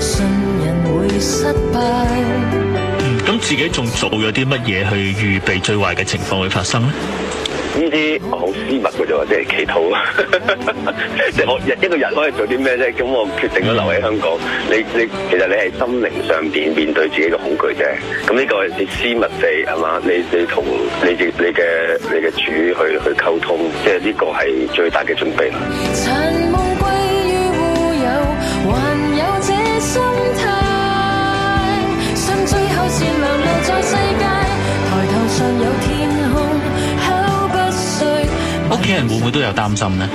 信人會失敗。咁、嗯、自己仲做咗啲乜嘢去預備最壞嘅情況會發生咧？呢啲好私密嘅啫，即係祈禱。即係我一一個人可以做啲咩啫？咁我決定咗留喺香港。你你其實你係心靈上邊面對自己嘅恐懼啫。咁呢個係你私密地係嘛？你你同你自你嘅你嘅主去去溝通，即係呢個係最大嘅準備啦。啲人會唔會都有擔心呢？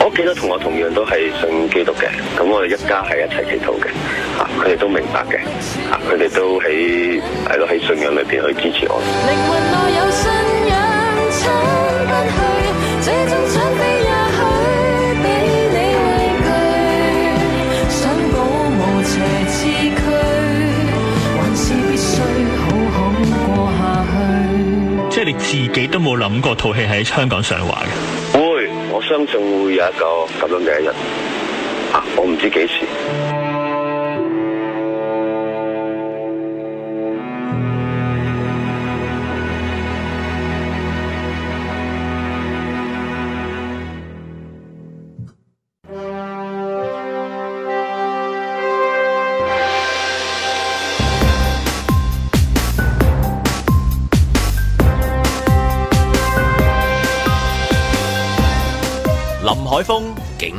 我屋企嘅同學同樣都係信基督嘅，咁我哋一家係一齊祈禱嘅，啊佢哋都明白嘅，啊佢哋都喺係咯喺信仰裏邊去支持我。自己都冇諗過套戲喺香港上畫嘅，會我相信會有一個咁樣嘅一日啊，我唔知幾時。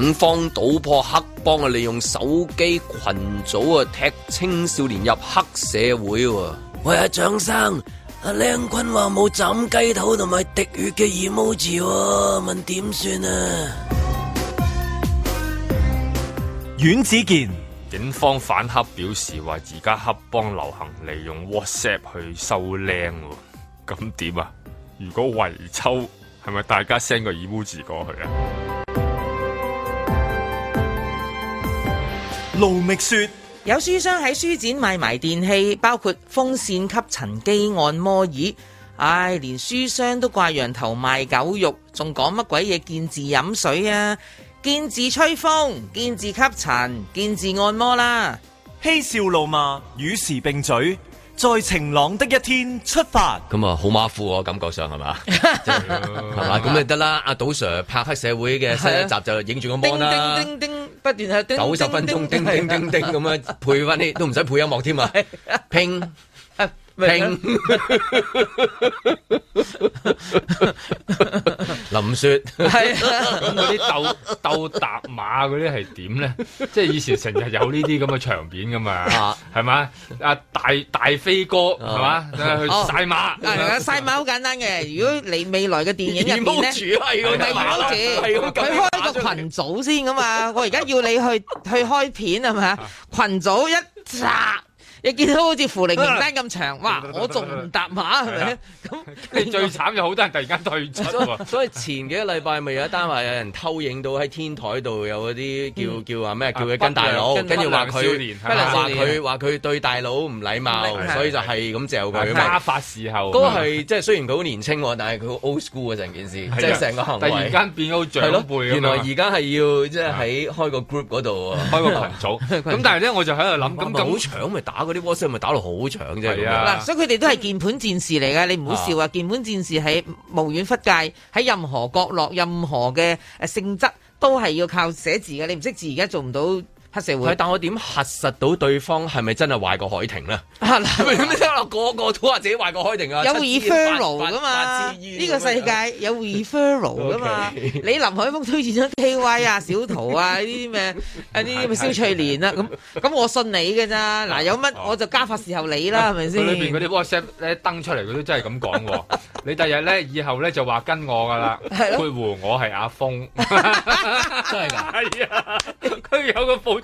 警方搗破黑幫啊，利用手機群組啊，踢青少年入黑社會。喂，蔣生阿靚坤話冇斬雞頭同埋滴血嘅 emoji，問點算啊？阮子健，警方反黑表示話，而家黑幫流行利用 WhatsApp 去收靚，咁點啊？如果圍抽，係咪大家 send 個 emoji 過去啊？盧覓雪說：「有書商喺書展賣埋電器，包括風扇、吸塵機、按摩椅。唉，連書商都掛羊頭賣狗肉，仲講乜鬼嘢？見字飲水啊，見字吹風，見字吸塵，見字按摩啦！嬉笑怒罵，與時並嘴。在晴朗的一天出發，咁啊好馬虎啊，感覺上係嘛，係嘛，咁咪得啦。阿杜 Sir 拍黑社會嘅新一集就影住個芒啦，叮叮叮不斷喺九十分鐘叮叮叮叮咁樣配翻啲，都唔使配音樂添啊，拼。聽 林雪係啊，嗰啲斗斗踏馬嗰啲係點咧？即係以前成日有呢啲咁嘅場面噶嘛，係、啊、嘛？阿大大飛哥係嘛？去晒馬啊！晒、啊哦、馬好、啊、簡單嘅，如果你未來嘅電影入邊咧，佢、啊啊、開個群組先噶嘛 我而家要你去去開片係咪啊？群組一扎你見到好似扶靈名單咁長，哇！我仲唔搭馬係咪？咁你、啊、 最慘就好多人突然間退出喎。所以前幾個禮拜咪有一單話有人偷影到喺天台度有嗰啲叫叫話咩？叫佢、啊、跟大佬，跟住話佢話佢話佢對大佬唔禮貌、啊啊，所以就係咁嚼佢。家法伺候嗰個係即係雖然佢好年輕喎，但係佢好 old school 嘅成件事即係成個行為，突然間變到長輩、啊。原來而家係要即係喺開個 group 嗰度開個群組。咁 但係咧我就喺度諗，咁咁好咪打啲 WhatsApp 咪打到好長啫，嗱、啊啊，所以佢哋都係鍵盤戰士嚟噶，你唔好笑啊！鍵、啊、盤戰士喺無遠弗屆，喺任何角落、任何嘅誒性質都係要靠寫字嘅，你唔識字而家做唔到。黑社會，係但我點核實到對方係咪真係壞過海廷咧？嗱，個個都話自己壞過海廷啊！有 referral 㗎嘛？呢個世界有 referral 㗎嘛？你林海峯推薦咗 K Y 啊、小桃啊、呢啲咩啊、啲咩蕭翠蓮啦咁，咁我信你嘅咋？嗱，有乜我就加法時候你啦，係咪先？佢裏邊嗰啲 WhatsApp 咧登出嚟，佢都真係咁講喎。你第日咧以後咧就話跟我噶啦，括弧我係阿峯，真係㗎？係啊，佢有個報。咁，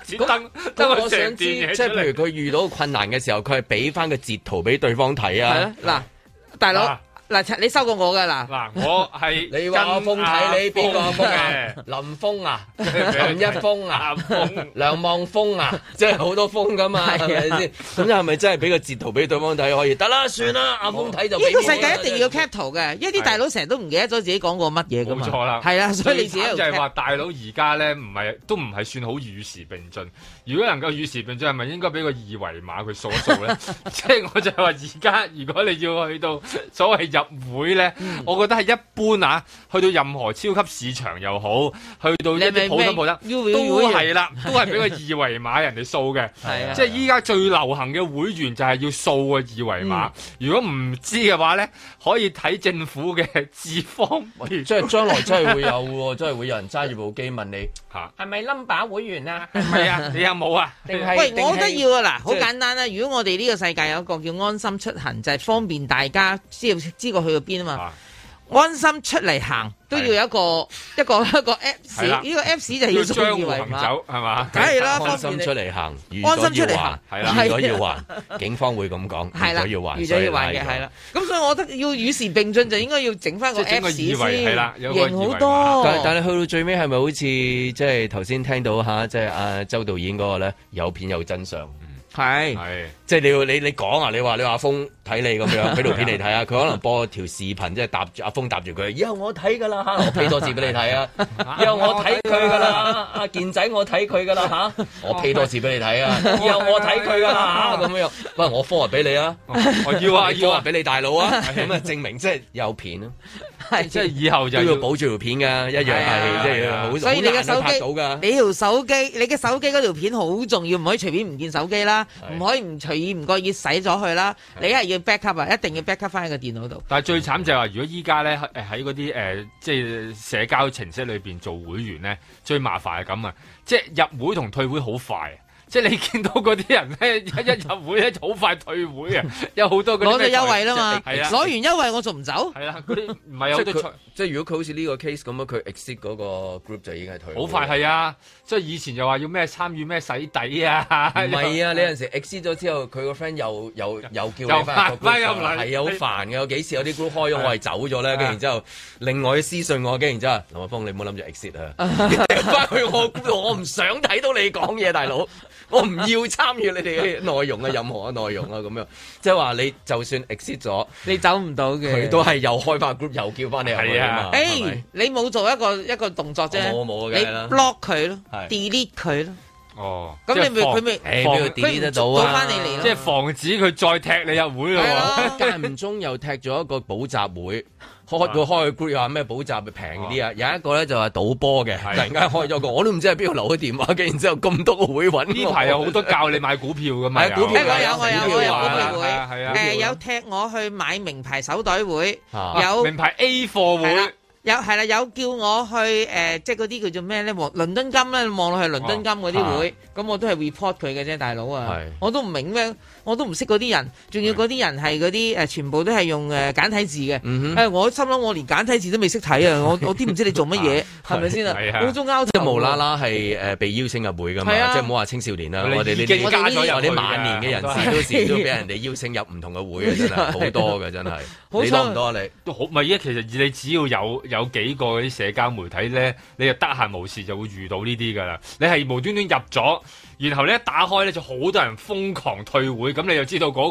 我想知，即係譬如佢遇到困難嘅時候，佢係俾翻個截圖俾對方睇啊！嗱、啊啊，大佬。啊嗱，你收過我噶啦？嗱，我係你話林峰睇你邊個啊，啊，林峰啊，林一峰啊，啊，啊，啊，梁望峰啊，即係好多峰噶嘛？係咪先？咁又係咪真係俾個截圖俾對方睇可以？得啦，算啦，阿峰睇就。呢、這個世界一定要 cap 截圖嘅，一、就、啲、是、大佬成日都唔記得咗自己講過乜嘢噶嘛。冇錯啦，係啊，所以你只要就係話大佬而家咧唔係都唔係算好與時並進。如果能夠與時並進，係咪應該俾個二維碼佢掃一掃咧？即 係我就話而家如果你要去到所謂入會咧，我覺得係一般啊。去到任何超級市場又好，去到一啲普通鋪頭，都係啦，都係俾個二維碼人哋掃嘅。係啊，即係依家最流行嘅會員就係要掃個二維碼。啊、如果唔知嘅話咧，可以睇政府嘅紙方，即係將來真係會有，真係會有人揸住部機問你嚇，係、啊、咪 number 會員啊？唔係啊，你有冇啊？定係？喂，我覺得要啊嗱，好簡單啦、啊。如果我哋呢個世界有一個叫安心出行，就係、是、方便大家知知。知呢、這個去到邊啊嘛？安心出嚟行都要有一個是、啊、一個一個，一個 app。s 呢、啊這個 app s 就要張二維碼，係嘛？梗係啦，安心出嚟行，安心出嚟行。係啦、啊，如果要還，啊如要還啊，警方會咁講。係啦、啊，如果要還，啊、如果要還嘅係啦。咁、啊、所以我覺得要與時並進，就應該要整翻個 app 先。係啦、啊，有型好多。但但係去到最尾係咪好似即係頭先聽到吓，即係阿、啊、周導演嗰個咧，有片有真相。係，即係你要你你講啊！你話你話，阿峰睇你咁樣，俾條片你睇啊！佢 可能播條視頻，即係搭住阿峰搭住佢。以後我睇噶啦，我批多、啊、 次俾你睇啊， 啊！以後我睇佢噶啦，阿健仔我睇佢噶啦吓，我批多次俾你睇啊！以後我睇佢噶啦吓，咁樣，不如我放話俾你啊！我 要啊，要話俾你大佬啊，咁 啊 證明即係有片咯、啊。係，即係以後就要保住條片噶，一樣係即係好。所以你嘅手，手機，你條手機，你嘅手機嗰條片好重要，唔可以隨便唔見手機啦，唔可以唔隨意唔覺意洗咗佢啦。你係要 backup 啊，一定要 backup 翻喺個電腦度。但係最慘就係話，如果依家咧，喺嗰啲即係社交程式裏面做會員咧，最麻煩係咁啊，即係入會同退會好快。即係你見到嗰啲人咧，一入會咧就好快退會啊！有好多攞咗優惠啦嘛，攞 完優惠我仲唔走？係啦，啲唔係有即係如果佢好似呢個 case 咁啊，佢 exit 嗰個 group 就已經係退會好快係啊！即係以，以前又話要咩參與咩洗底啊？唔係啊！呢 陣時 exit 咗之後，佢個 friend 又又又叫你翻係啊，好煩嘅！有幾次有啲 group 開咗我係走咗咧，跟住然之後另外私信我，跟住然之後，林海峰，你唔好諗住 exit 啊！掉 翻 去我我唔想睇到你講嘢，大佬。 我唔要參與你哋嘅內容嘅任何嘅內容啊，咁 樣即係話你就算 exit 咗， 你走唔到嘅，佢都係又開翻 group 又叫翻你入會啊嘛。誒你冇做一個一個動作啫，你 block 佢咯，delete 佢咯。哦，咁你咪佢咪佢捉到翻你嚟咯，即係防止佢再踢你入會啊！間唔中又踢咗一個補習會。 開佢開個 group 啊咩補習平啲啊！有一個咧就係賭波嘅，突然間開咗個，我都唔知喺邊度留咗電話，竟然之後咁多個會搵呢排有好多教你買股票㗎嘛。有咩、欸、我有我有我有股票會，誒、呃、有踢我去買名牌手袋會，有、啊、名牌 A 貨會。有係啦，有叫我去誒、呃，即係嗰啲叫做咩咧？望倫敦金咧，望落去倫敦金嗰啲會，咁、啊、我都係 report 佢嘅啫，大佬啊，我都唔明咩，我都唔識嗰啲人，仲要嗰啲人係嗰啲誒，全部都係用誒、呃、簡體字嘅，誒、嗯哎，我心諗我連簡體字都未識睇啊，我我都唔知你做乜嘢，係咪先啊？好中歐就無啦啦係誒被邀請入會噶嘛，即係唔好話青少年啦，我哋你加咗有啲晚年嘅人士都時都俾人哋邀請入唔同嘅會嘅，真係好多嘅，真係。好彩唔多你係而家其實你只要有。有幾個啲社交媒體咧，你就得閒無事就會遇到呢啲噶啦。你係無端端入咗，然後咧一打開咧就好多人瘋狂退會，咁你就知道嗰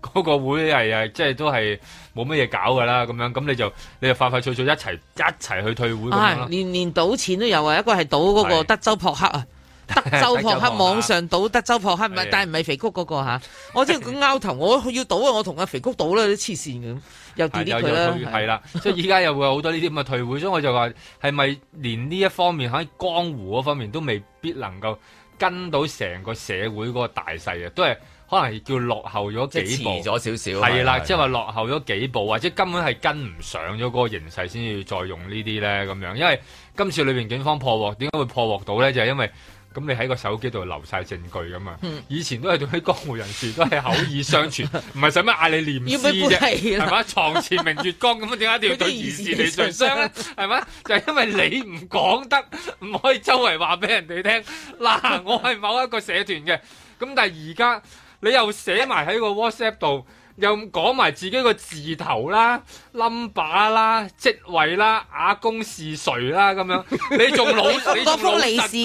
個嗰個會係啊，即係都係冇乜嘢搞噶啦。咁樣咁你就你就快快脆脆一齊一齊去退會。係啊，連連賭錢都有啊，一個係賭嗰個德州撲克啊。德州撲克，網上賭德州撲克唔係，但係唔係肥谷嗰個吓我即係佢拗頭，我要賭啊！我同阿肥谷賭啦，啲黐線咁，又跌啲佢啦，係啦，所以依家又會有好多呢啲咁嘅退會。 所以我就話係咪連呢一方面喺江湖嗰方面都未必能夠跟到成個社會嗰個大勢啊？都係可能係叫落後咗幾步，咗少少係啦，即係話落後咗幾步，或者根本係跟唔上咗嗰個形勢先至再用呢啲咧咁樣。因為今次裏面警方破獲，點解會破獲到咧？就係、係、因為。咁你喺個手機度留晒證據㗎嘛、嗯！以前都係對啲江湖人士，都係口耳相傳，唔係使乜嗌你念詩啫，係嘛？ 床前明月光咁樣，點 解一定要對疑事你最傷咧？係 嘛？就係、是、因為你唔講得，唔可以周圍話俾人哋聽。嗱，我係某一個社團嘅，咁但係而家你又寫埋喺個 WhatsApp 度。又講埋自己個字頭啦、number 啦、職位啦、阿公是誰啦咁樣， 你仲老， 你仲老， 老實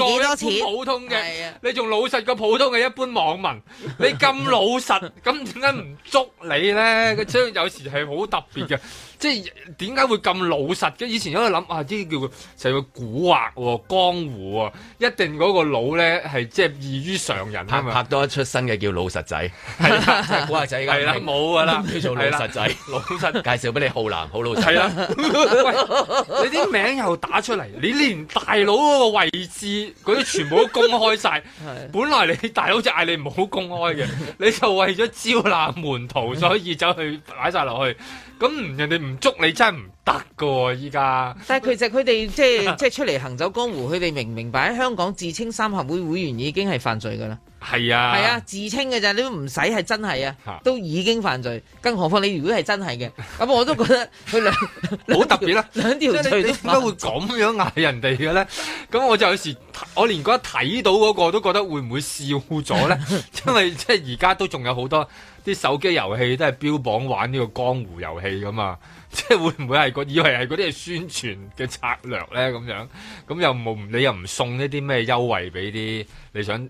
過普通嘅，你仲老實過普通嘅一般網民，你咁老實，咁點解唔捉你咧？即係有時係好特別嘅。即係點解會咁老實嘅？以前有度諗啊，呢啲叫就叫蠱惑喎、啊，江湖啊，一定嗰個佬咧係即係異於常人。拍，拍多一出新嘅叫老實仔，係啦，即係蠱惑仔係啦，冇噶啦，叫 做老實仔，老實仔。 介紹俾你浩南，好老實。係啦， 喂，你啲名又打出嚟，你連大佬嗰個位置嗰啲全部都公開晒。 本來你大佬就嗌你唔好公開嘅， 你就為咗招攬門徒，所以走去擺晒落去。咁人哋唔捉你真唔得噶喎！依家，但係其實佢哋即係即係出嚟行走江湖，佢哋明唔明白喺香港自稱三合會會員已經係犯罪噶啦。係啊，係啊，自稱嘅咋，你都唔使係真係啊，都已經犯罪，更何況你如果係真係嘅，咁我都覺得佢兩好特別啦，即 係兩條 罪 你點解會咁樣嗌人哋嘅咧？咁我就有時我連覺得睇到嗰個都覺得會唔會笑咗咧？ 因為即係而家都仲有好多啲手機遊戲都係標榜玩呢個江湖遊戲噶嘛，即、就、係、是、會唔會係以為係嗰啲宣傳嘅策略咧？咁樣咁又冇你又唔送呢啲咩優惠俾啲？你想誒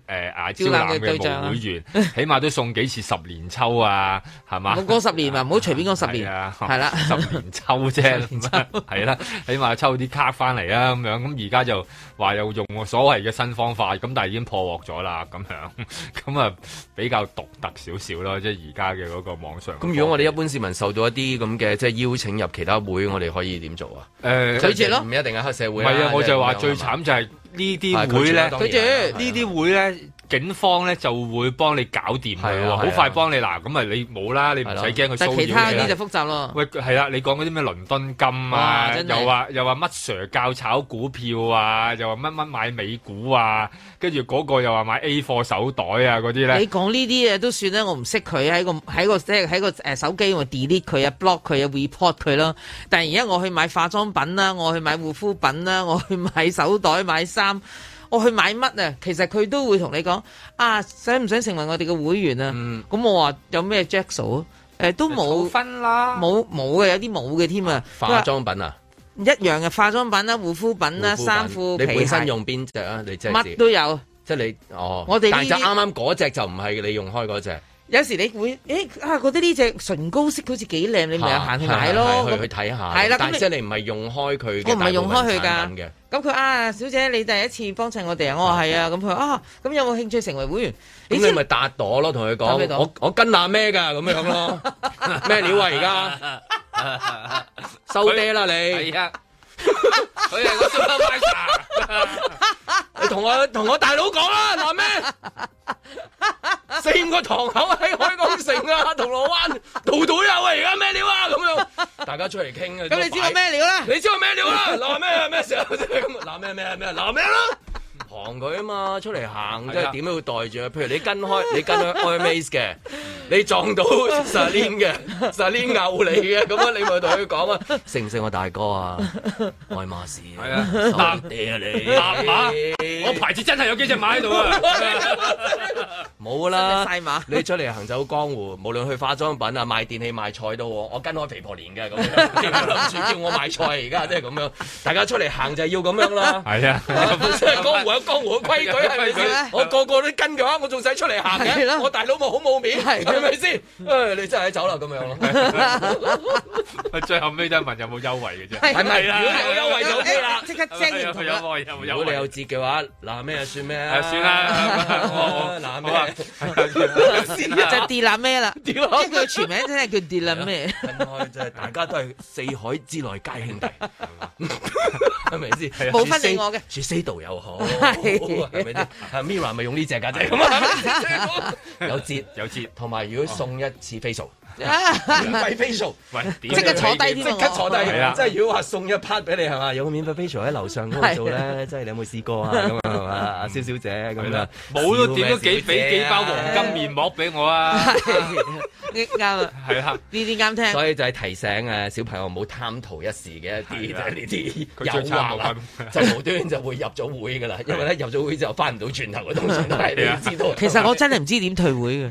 招男嘅網會員，起碼都送幾次十年抽啊，係 嘛？唔講十年啊，唔好 隨便講十年，係啦、啊，啊、 十年抽啫，係 啦、啊，起碼抽啲卡翻嚟啊咁樣。咁而家就話又用所謂嘅新方法，咁但係已經破獲咗啦，咁樣咁啊比較獨特少少咯，即係而家嘅嗰個網上。咁如果我哋一般市民受到一啲咁嘅即係邀請入其他會，我哋可以點做啊？誒拒絕囉，唔一定係黑社會。係啊，我就話最慘就係、是。 哎、呢啲會咧，呢啲會咧。警方咧就會幫你搞掂佢喎，好、啊、快幫你嗱，咁咪、啊、你冇啦，你唔使驚佢。但其他啲就複雜咯。喂，係啦、啊，你講嗰啲咩倫敦金啊，啊又話又話乜 Sir 教炒股票啊，又話乜乜買美股啊，跟住嗰個又話買 A 貨手袋啊嗰啲咧。你講呢啲嘢都算啦，我唔識佢喺個喺個即係喺個、呃、手機我 delete 佢啊 block 佢啊 report 佢咯。但而家我去買化妝品啦，我去買護膚品啦，我去買手袋買衫。我、哦、去買乜啊？其實佢都會同你講啊，想唔想成為我哋嘅會員啊？咁、嗯、我話有咩 Jack 數啊？誒、欸，都冇，冇分啦，冇冇嘅，有啲冇嘅添啊！化妝品啊，一樣嘅化妝品啊，護膚品啊，衫褲。你本身用邊隻啊？你隻乜都有，即、就、係、是、你哦。我哋但剛剛就啱啱嗰隻就唔係你用開嗰隻。有時你會誒、欸、啊，覺得呢隻唇膏色好似幾靚，你咪行去買咯。去睇下。係啦，即係你唔係用開佢唔係用開佢噶。咁佢啊，小姐，你第一次幫襯我哋啊，我話係啊，咁佢啊，咁有冇興趣成為會員？咁你咪搭朵咯，同佢講，我我跟下咩噶咁樣咯，咩料 啊而家， 收爹啦你。佢 係個小黑茶， 你同我同我大佬講啦，拉咩？四五個堂口喺海港城啊，銅鑼灣搗隊啊，喂，而家咩料啊？咁樣，大家出嚟傾啊！咁你,你知我咩料咧？你知我咩料啦？拉 咩、啊？咩時候？拉咩咩咩？拉咩啦？行佢啊嘛，出嚟行即係點都要袋住啊！譬如你跟開你跟開阿馬斯嘅，你撞到薩琳嘅，薩 琳牛嚟嘅，咁樣你咪同佢講啊！識唔識我大哥啊？愛馬仕，係啊，馬地啊你，馬，我的牌子真係有幾隻馬喺度啊！冇 啦，你出嚟行走江湖，無論去化妝品啊、賣電器、賣菜都好，我跟開肥婆連嘅咁，諗住叫我賣菜而家即係咁樣，大家出嚟行就係要咁樣啦。係啊，啊，江湖江湖規矩係咪先？我個個都跟嘅話，我仲使出嚟行嘅？我大佬冇好冇面，係咪先？誒，你真係喺酒樓咁樣咯。啊、 最後尾都問有冇優惠嘅啫，係咪啊？有優惠 OK 啦，即刻精。啊啊啊、有有、哎、如果你有折嘅話，嗱咩算咩算啦。嗱咩啊？啊 我說 就跌啦咩啦？即係佢全名真係叫跌啦咩？真係、啊就是、大家都係四海之內皆兄弟，係咪先？冇分你我嘅，住四道又好。係咪先？阿 Mira 咪用呢隻架仔咁啊！是是 是不是 有折節 有折，同埋如果送一次 facial。啊免費 facial 即刻坐低先，即刻坐低。即係、哎啊、如果話送一 part 俾你係嘛，有個免費 facial 喺樓上度做咧，即係你有冇試過咁樣啊？阿、嗯、阿蕭小姐咁、嗯、樣，冇都點都幾俾幾包黃金面膜俾我啊？啱啊，係 啊，呢啲啱聽。所以就係提醒啊，小朋友唔好貪圖一時嘅一啲呢啲誘惑就，就無端就會入咗會噶啦。因為咧、嗯、入咗會就翻唔到轉頭嘅東西，你知道。其實我真係唔知點退會嘅。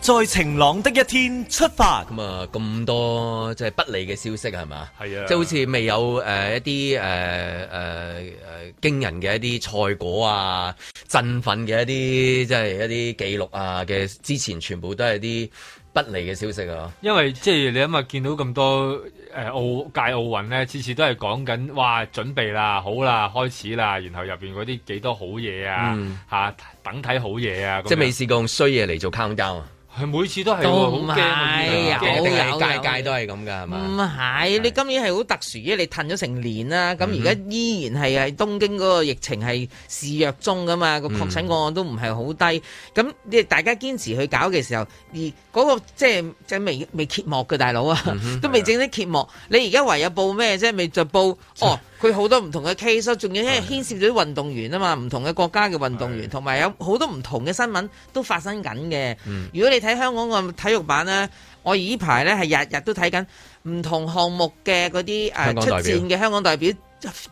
在晴朗的一天出發。咁啊，咁多即係、就是、不利嘅消息係嘛？係啊，即係好似未有誒一啲誒誒誒驚人嘅一啲賽果啊，振奮嘅一啲即係一啲記錄啊嘅，之前全部都係啲不利嘅消息啊。因為即係、就是、你今日見到咁多誒奧屆奧運呢，次、呃、次都係講緊哇，準備啦，好啦，開始啦，然後入邊嗰啲幾多好嘢啊，吓等睇好嘢啊。即係未試過用衰嘢嚟做卡窿膠啊！每次都係好驚，有，有，有界界都係咁噶，係嘛？唔係，你今年係好特殊，因為你褪咗成年啦，咁而家依然係係、嗯、東京嗰個疫情係肆虐中噶嘛，個確診個案都唔係好低，咁、嗯、你大家堅持去搞嘅時候，而、那、嗰個即係即係未未揭幕嘅大佬啊、嗯，都未正式揭幕，你而家唯有報咩啫？未就報 哦。佢好多唔同嘅 case，所以仲要因為牽涉到啲運動員啊嘛，唔同嘅國家嘅運動員同埋有好多唔同嘅新聞都發生緊嘅。嗯、如果你睇香港嘅體育版咧，我而呢排咧係日日都睇緊唔同項目嘅啲誒出戰嘅香港代表。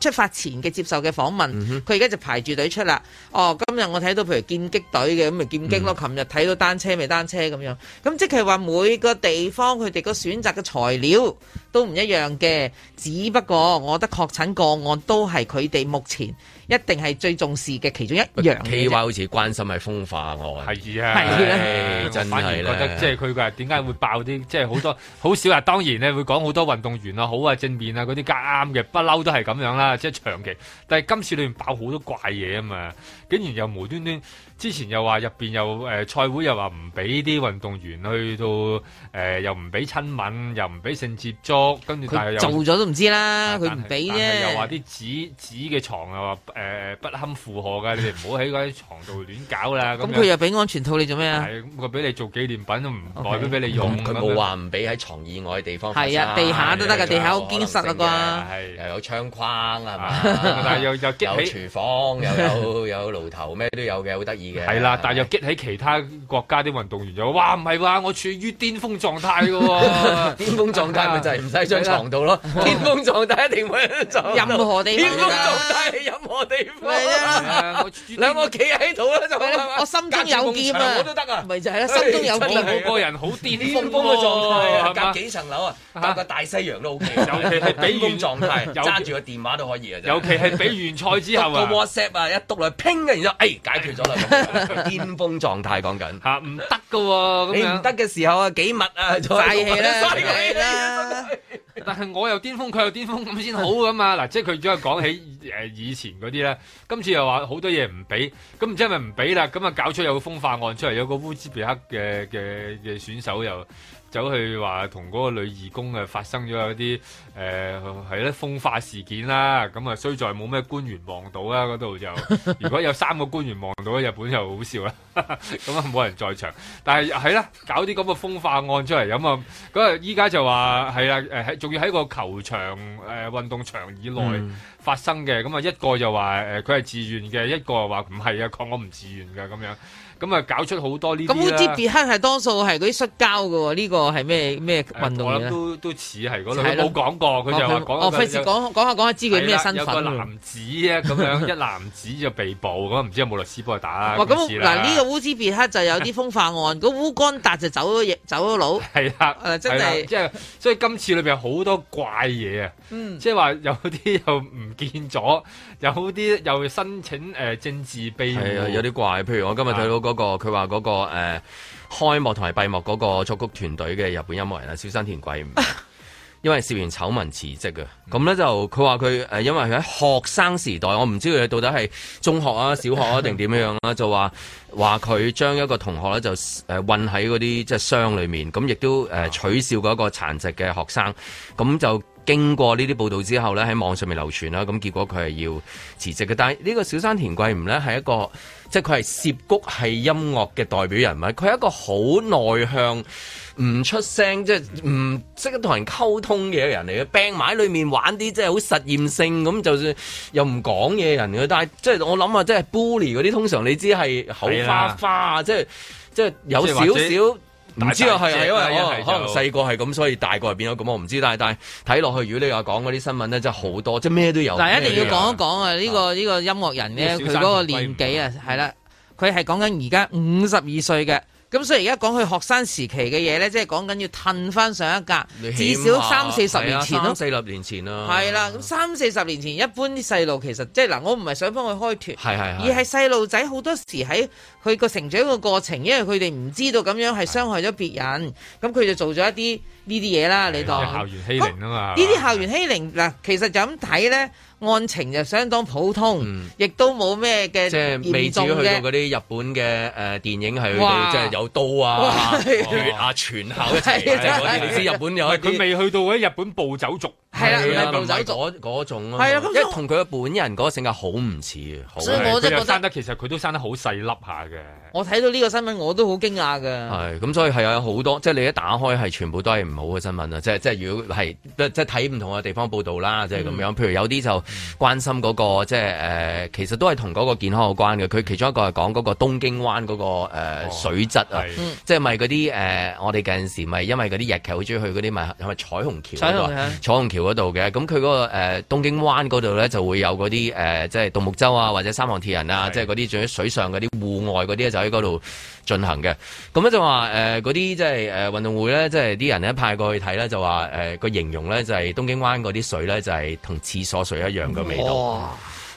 出發前嘅接受嘅訪問，佢而家就排住隊出啦。哦，今日我睇到譬如劍擊隊嘅，咁咪劍擊咯。琴日睇到單車咪單車咁樣。咁即係話每個地方佢哋個選擇嘅材料都唔一樣嘅，只不過我覺得確診個案都係佢哋目前。一定係最重視嘅其中一樣。佢話好似關心係風化案是我。係啊，反而覺得，即係佢話點解會爆啲，即係好多好 少話、啊。當然咧，會講好多運動員啊，好啊正面啊嗰啲夾啱嘅，不嬲都係咁樣啦。即係長期，但係今次裏面爆好多怪嘢啊嘛，竟然又無端端。之前又話入面又誒賽會又話唔俾啲運動員去到誒、呃、又唔俾親吻又唔俾性接觸，跟住但係又做咗都唔知啦，佢唔俾啫。又話啲紙紙嘅床又，又話誒不堪負荷㗎。你哋唔好喺嗰啲床度亂搞啦。咁 佢又俾安全套你做咩啊？佢俾你做紀念品都唔代表俾你用。佢冇話唔俾喺床以外嘅地方。係啊，地下都得㗎、哎。地下好堅實啊，啩，係、哎、又有窗框啊嘛、啊啊，但係又又 有廚房又有有，有爐頭咩都有嘅，好得意。係啦，但又激起其他國家啲運動員就話：哇，唔係喎，我處於巔峰狀態嘅喎，巔峯狀態咪就係唔使張床度咯，巔峰狀態，啊、 狀態， 狀態一定會使度，任何地方啊，巔峰狀態係任何地方。係啊，啊，兩個企喺度啦就，我心中有劍啊，我都得啊，咪就係、啊、心中有劍、啊，哎、個人好巔峯嘅狀態啊，啊，隔幾層樓啊，啊隔個大西洋都 OK，尤、啊、其係巔峯狀態，揸住個電話都可以啊，尤其係比完賽之後啊，個 WhatsApp 啊一篤落去，拼啊，然後、哎哎、解決咗啦。哎巔 峰狀態講緊吓，唔得噶，你唔得嘅時候啊，幾密啊，晒氣啦，晒氣啦。 氣了 但係我又巔峯，佢又巔峯，咁先好噶嘛？嗱、啊，即係佢仲要講起誒以前嗰啲咧，今次又話好多嘢唔俾，咁唔知係咪唔俾啦？咁啊搞出有個風化案出嚟，有個烏茲別克嘅嘅嘅選手又走去話同嗰個女義工啊發生咗一啲誒係咧風化事件啦。咁啊雖在冇咩官員望到啦，嗰度就如果有三個官員望到，日本就好笑啦。咁啊冇人在場，但係係啦，搞啲咁嘅風化案出嚟，咁啊嗰個依家就話係啦誒喺。仲要喺個球場誒呃、運動場以內發生嘅，咁、嗯、啊一個就話誒佢係自願嘅，一個又話唔係啊，抗我唔自願噶咁樣。咁啊，搞出好多呢啲咁烏茲別克係多數係嗰啲摔跤嘅喎，呢、這個係咩咩運動都都似係嗰類，冇講過佢就話、是、講。費事講講下講下，知佢咩身份？有、哦、有，說說說有個男子啊，咁樣 一男子就被捕，咁唔知有冇律師幫佢打？咁嗱，呢、呃這個烏茲別克就有啲風化案，個烏干達就走咗嘢，走咗佬。係啦、啊，真係，即 係所，所以今次裏邊好多怪嘢啊！即係話有啲又唔見咗，有啲又申請誒政治悲係有啲怪，譬如我今日睇到。嗰佢話嗰個誒、那個呃、開幕同埋閉幕嗰個作曲團隊嘅日本音樂人啊，小山田圭吾，啊、因為涉嫌醜聞辭職咁咧、嗯、就佢話佢因為佢喺學生時代，我唔知佢到底係中學啊、小學啊定點樣啦、啊、 就話話佢將一個同學咧就誒運喺嗰啲即係箱裡面，咁亦都誒、呃、取笑過一個殘疾嘅學生。咁就經過呢啲報導之後咧，喺網上面流傳啦，咁結果佢係要辭職嘅。但係呢個小山田圭吾咧係一個。即係佢係涉谷係音樂嘅代表人物，佢係一個好內向、唔出聲，即係唔識得同人溝通嘅人嚟嘅。band 埋喺裏面玩啲即係好實驗性咁，就算又唔講嘢人嘅。但係即係我諗啊，即係 Bulli 嗰啲通常你知係口花花啊，即係即係有少少。唔知啊，係啊，因為可能細個係咁，所以大個係變咗咁，我唔知。但係但係睇落去，如果你話講嗰啲新聞咧，真係好多，即係咩都有。但係一定要講一講啊！呢個呢個音樂人咧，佢嗰個年紀啊，係啦，佢係講緊而家五十二歲嘅。咁所以而家講佢學生時期嘅嘢呢，即係講緊要褪翻上一格，一至少三四十年前咯，三四十年前啦。係啦、啊，咁三四十年前，一般啲細路其實即係嗱，我唔係想幫佢開脫，而係細路仔好多時喺佢個成長嘅過程，因為佢哋唔知道咁樣係傷害咗別人，咁佢就做咗一啲呢啲嘢啦，你當。就是，校園欺凌啊嘛，呢啲校園欺凌嗱，其實就咁睇呢。案情就相當普通，亦都冇咩嘅嚴重嘅。即係未至於去到嗰啲日本嘅誒電影，去到即係有刀啊、啊拳頭嗰啲。你知日本有，佢未去到嗰啲日本暴走族係啦，暴走族嗰種咯。係啊，因為同佢嘅本人嗰性格好唔似，所以我真係覺得其實佢都生得好細粒下嘅。我睇到呢個新聞我都好驚訝㗎。係咁，所以係有好多即係你一打開係全部都係唔好嘅新聞啊！即係即係如果係即係睇唔同嘅地方報道啦，即係咁樣。譬如有啲就。嗯、關心嗰、嗰個即係誒、呃，其實都係同嗰個健康有關嘅。佢其中一個係講嗰個東京灣嗰、嗰個誒、呃哦、水質啊，即係咪嗰啲誒，我哋近陣時咪因為嗰啲日劇好中意去嗰啲咪係咪彩虹橋、嗰個、彩虹橋嗰度嘅？咁佢嗰個誒、呃、東京灣嗰度咧就會有嗰啲誒，即係獨木舟啊，或者三項鐵人啊，即係嗰啲仲有水上嗰啲戶外嗰啲咧，就喺嗰度進行嘅，咁咧就話誒，嗰啲即係誒運動會咧，即係啲人咧派過去睇咧，就話誒、呃，個形容咧就係、是、東京灣嗰啲水咧就係、是、同廁所水一樣嘅味道。哦，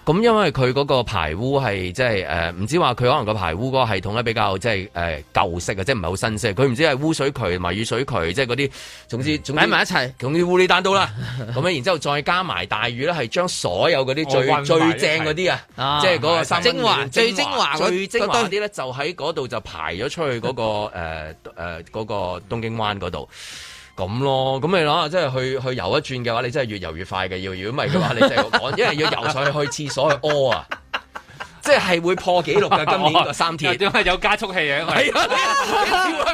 咁因為佢嗰個排污係即係誒，唔、呃、知話佢可能個排污嗰個系統咧比較即係誒舊式即係唔係好新式。佢唔知係污水渠、同埋雨水渠，即係嗰啲，總之擺埋一齊，總之烏哩單刀啦。咁 然之後再加埋大雨咧，係將所有嗰啲最最正嗰啲啊，即係嗰個三精，精，精華、最精華、最精華嗰啲咧，就喺嗰度就排咗出去嗰、那個誒嗰、嗯那個呃呃那個東京灣嗰度。咁咯，咁你諗下，即係去去游一轉嘅話，你真係越游越快嘅，要如果唔係嘅話，你真係講， 因為要游上去去廁所去屙啊。即係會破紀錄㗎。今年個三鐵，點解有加速器啊？係 啊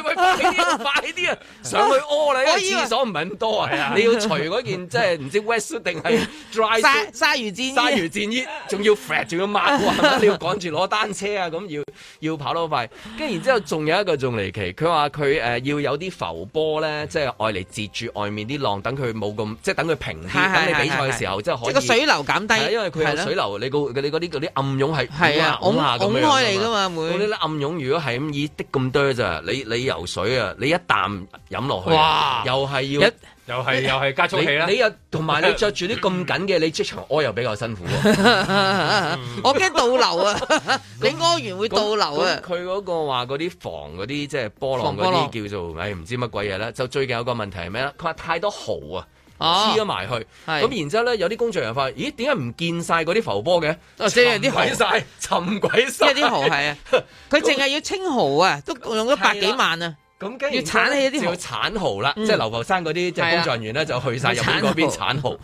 快啲，快啲啊！上去屙你，廁所唔係咁多啊！你要除嗰件即係唔知 west 定係 dry 衫，鯊魚戰鯊魚戰衣，仲要 fat，仲要 mark 你要趕住攞單車啊！咁要要跑得好快。跟住然之後，仲有一個仲離奇，佢話佢誒要有啲浮波咧，即係愛嚟截住外面啲浪，等佢冇咁，即係等佢平。係等你比賽嘅時候，即係可以。個水流減低，因為佢個水流，你你嗰啲啲暗湧係。係啊，拱下開你噶嘛，每嗰啲暗湧，如果係咁以滴咁多咋，你你游水啊，你一啖飲落去，哇，又係要，一又係又係加粗氣啦。你又同埋你着住啲咁緊嘅，你即場屙又比較辛苦喎。 我驚倒流啊， 你屙完會倒流啊。佢嗰個話嗰啲防嗰啲即係波浪嗰啲叫做誒、哎、唔知乜鬼嘢啦。就最近有個問題係咩咧？佢話太多蠔啊。黐咗埋去，咁、哦、然之後咧，有啲工作人員發現，咦？點解唔見晒嗰啲浮波嘅？即係啲鬼曬，沉鬼曬，即係啲蠔係啊！佢淨係要清蠔啊， 都用咗百幾萬啊！咁跟住要鏟起啲，要鏟蠔啦，即係流浮山嗰啲即係工作人員咧就去晒日本嗰邊鏟蠔，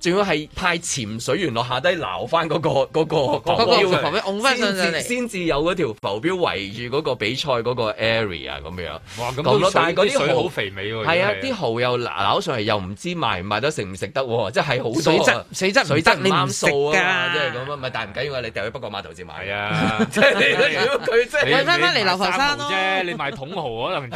仲要係派潛水員落下低撈翻、那、嗰個嗰、哦那個上嚟，先至、那個、有嗰條浮標圍住嗰個比賽嗰個 area 啊咁樣。哇！咁但係嗰啲水好肥美喎，係啊！啲、啊、蠔又撈上嚟又唔知賣唔賣得食唔食得喎、啊，即係好水質水質水質你即係咁啊咪唔緊要啊，你掉去北角碼頭先買啊！佢翻返嚟流浮山啫，你賣桶蠔可能。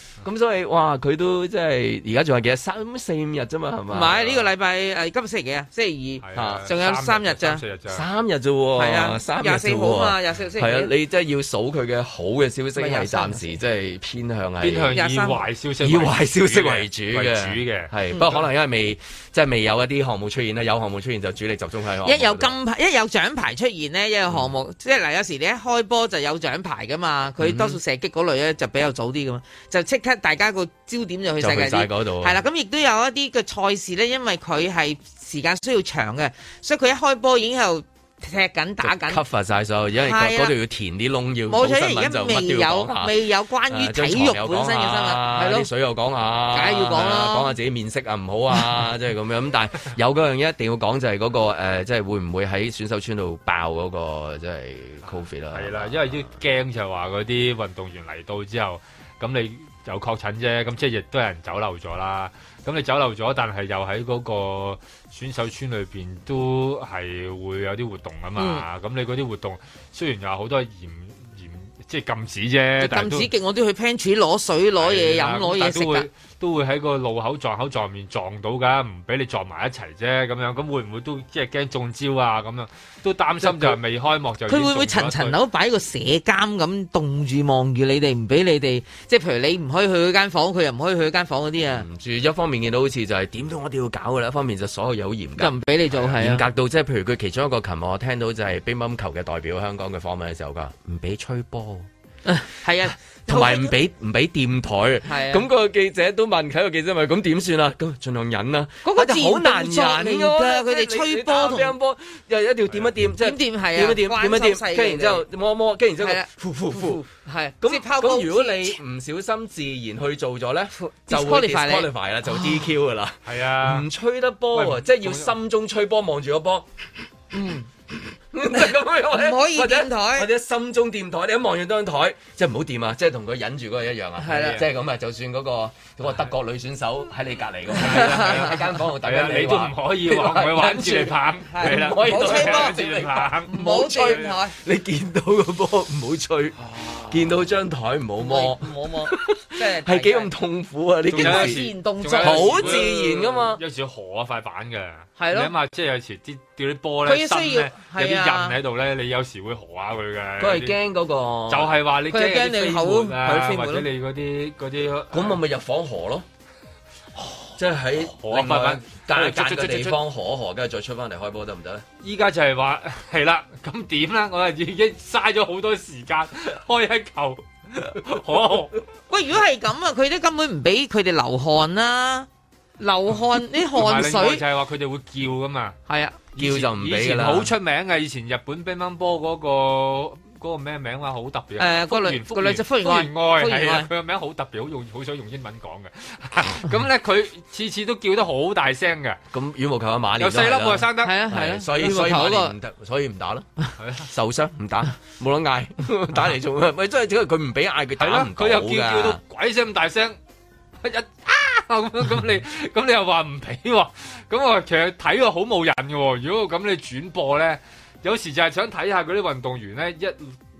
咁、嗯、所以，哇！佢都即係而家仲有幾多？三四五日啫嘛，係嘛？唔係呢個禮拜今日星期、呃、四幾啊？星期二，仲、啊、有三日咋？三日咋？三日啫喎！係啊，三廿四號嘛，廿四號先。係啊，你即係要數佢嘅好嘅消息係暫時即係偏向係以壞消息，以壞消息為主嘅。係、嗯、不過可能因為未即係未有一啲項目出現咧，有項目出現就主力集中喺。一有金牌，一有獎牌出現呢，一個項目、嗯、即係嗱、呃，有時你一開波就有獎牌噶嘛。佢多數射擊嗰類咧就比較早啲噶嘛，就即刻。大家個焦點就去世界賽嗰度，係啦，咁亦都有一啲嘅賽事咧，因為佢係時間需要長嘅，所以佢一開波已經又踢緊打緊 cover 晒所有，因為嗰度、啊、要填啲窿要，要。冇錯，而家未有未有關於體育本身嘅新聞，係咯，水又講下，梗係要講啦，講下自己面色啊唔好啊，即係咁樣。咁但係有嗰樣嘢一定要講就係、是、嗰、那個誒，即、呃、係、就是、會唔會喺選手村度爆嗰、那個即係 COVID 啦？係、就、啦、是啊啊，因為都驚就話嗰啲運動員嚟到之後，咁你。有確診啫，咁即係亦都有人走漏咗啦，咁你走漏咗，但係又喺嗰個選手村裏面都係會有啲活動啊嘛咁、嗯、你嗰啲活動雖然有好多係嚴，即係禁止啫，禁止極我都去 pantry 攞水、攞嘢飲、攞嘢食。都會喺個路口撞口撞面撞到噶，唔俾你撞埋一齊啫咁樣。咁會唔會都即係驚中招啊？咁樣都擔心就係未開幕就。佢會唔會層層樓擺個蛇監咁，凍住望住你哋，唔俾你哋即係譬如你唔可以去嗰間房，佢又唔可以去嗰間房嗰啲啊？唔住一方面見到好似就係、是、點都我哋要搞噶啦，一方面就是所有嘢好嚴格，就唔俾你做，係啊。嚴格到即係譬如佢其中一個琴日我聽到就係乒乓球嘅代表香港嘅訪問嘅時候噶，唔俾吹波。係啊。同埋唔俾唔俾掂台啊，咁、那個記者都問體育、那個、記者咪咁點算啊？咁盡量忍啦、啊。嗰、那個就好難忍噶，佢哋吹波、乒波又一定要掂一掂，點掂係啊？點一掂點一掂，跟然後之後摸一摸，跟然後之後、啊、呼呼呼，係咁咁。然後啊、然後如果你唔小心自然去做咗咧、啊，就會 disqualified 啦，就 DQ 噶啦。係啊，唔吹得波即係要心中吹波，望住個波。嗯唔 可以掂台或，或者心中掂台，你一望住張台，即係唔好掂啊！即係同佢忍住嗰個一樣啊！係啦，即係咁啊！就算嗰、嗰個、嗰個德國女選手喺你隔籬，喺間房度，你都唔可以話佢。住拍？係啦，不玩唔可以掂台。你見到個波唔好吹，見、啊、到張台唔好摸，唔好摸，即係係幾咁痛苦啊！你見到自然動作，好自然噶嘛。有時河啊塊板嘅，你諗即係有時啲。叫啲波咧，佢需要有啲人喺度咧，你有時會河下佢嘅。佢係驚嗰個，就係話你驚啲好或者你嗰啲嗰啲。咁我咪入房河咯，即係喺另外隔離隔個地方河河，跟住再出翻嚟開波得唔得咧？依家就係話係啦，咁點啦？我哋已經嘥咗好多時間開一球河。喂， 如果係咁啊，佢都根本唔俾佢哋流汗啦。流汗啲汗水，就係話佢哋會叫噶嘛？係啊，叫就唔俾噶啦。以前好出名嘅，以前日本乒乓波嗰個咩、嗰個、名話好、啊特，欸啊啊、特別。誒，個女個女仔福原愛，係啊，佢個名好特別，好用，好想用英文講嘅。咁 咧，佢次次都叫得好大聲嘅。咁羽毛球嘅馬連，有細粒我又生得，係啊係啊，所以所以唔打咯， 受傷唔打，冇得嗌， 打嚟來做咩？咪 真係佢唔俾嗌，佢打唔到佢、啊、又叫叫到鬼聲咁大聲，一、啊咁你咁你又話唔俾喎？咁啊，其實睇過好冇癮嘅喎。如果咁你轉播咧，有時就係想睇下嗰啲運動員咧一。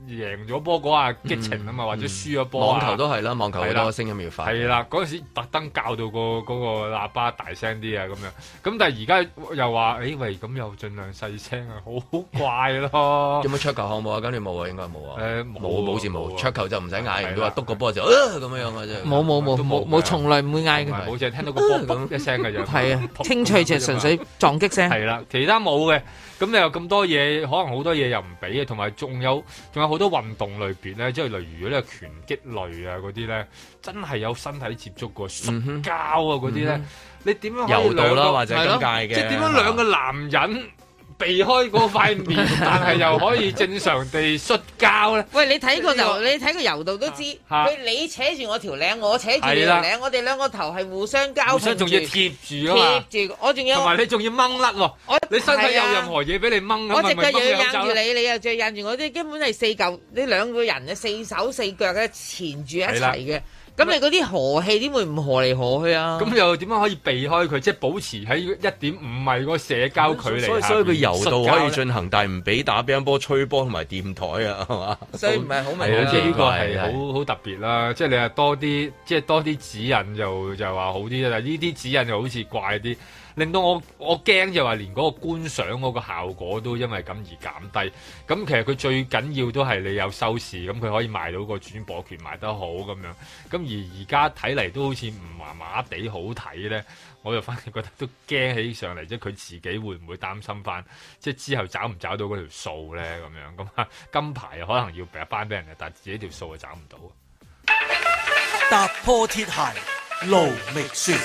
贏咗波嗰下激情啊嘛、嗯，或者輸咗波啊，網球都係啦，網球好多聲音要快。係啦，嗰陣時特登教到個嗰個喇叭大聲啲啊，咁樣。咁但係而家又話、欸，喂，咁又盡量細聲啊，好怪咯。有冇桌球項目啊？跟住冇啊，應該冇啊。冇冇好似冇。桌、欸、球就唔使嗌，佢話篤個波就咁樣樣嘅冇冇冇冇，冇從來唔會嗌佢。冇就係聽到個波、呃、一聲嘅樣。係啊，清脆就係純粹撞擊聲。係 啦，其他冇嘅。咁你又咁多嘢，可能好多嘢又唔俾嘅，同埋仲有仲有好多運動類別咧，即係例如嗰啲拳擊類啊、嗰啲咧，真係有身體接觸過摔跤啊、嗰啲咧，你點樣？柔道啦，或者係咁嘅，即係點樣兩個男人？避開嗰塊面，但係又可以正常地摔跤咧。 喂，你睇，這個油，你睇個柔道都知道。佢、啊啊、你扯住我條領，我扯住你條領，我哋兩個頭係互相交上，仲要貼住啊，貼住，我仲要，同埋你仲要掹甩喎。你身體有任何嘢俾你掹咁，我隻腳又要印住你，你又再印住我，啲，根本係四嚿你兩個人嘅四手四腳嘅纏住一齊嘅。咁你嗰啲河氣點會唔何嚟何去啊？咁又點樣可以避開佢？即係保持喺一點五米個社交距離。所以所以佢游到可以進行，但係唔俾打乒乓波、吹波同埋掂台啊，係嘛？所以唔係好明啊。呢個係好好特別啦。即係你話多啲，即係多啲指引就就話好啲啦。但係呢啲指引就好似怪啲。令到我我驚就話連嗰個觀賞嗰個效果都因為咁而減低，咁其實佢最緊要都係你有收視，咁佢可以賣到個轉播權賣得好咁樣，咁而而家睇嚟都好似唔麻麻地好睇咧，我就反而覺得都驚起上嚟，即係佢自己會唔會擔心翻，即係之後找唔找到嗰條數咧咁樣，咁金牌又可能要俾一班俾人，嘅，但自己這條數就找唔到。踏破鐵鞋路未絕。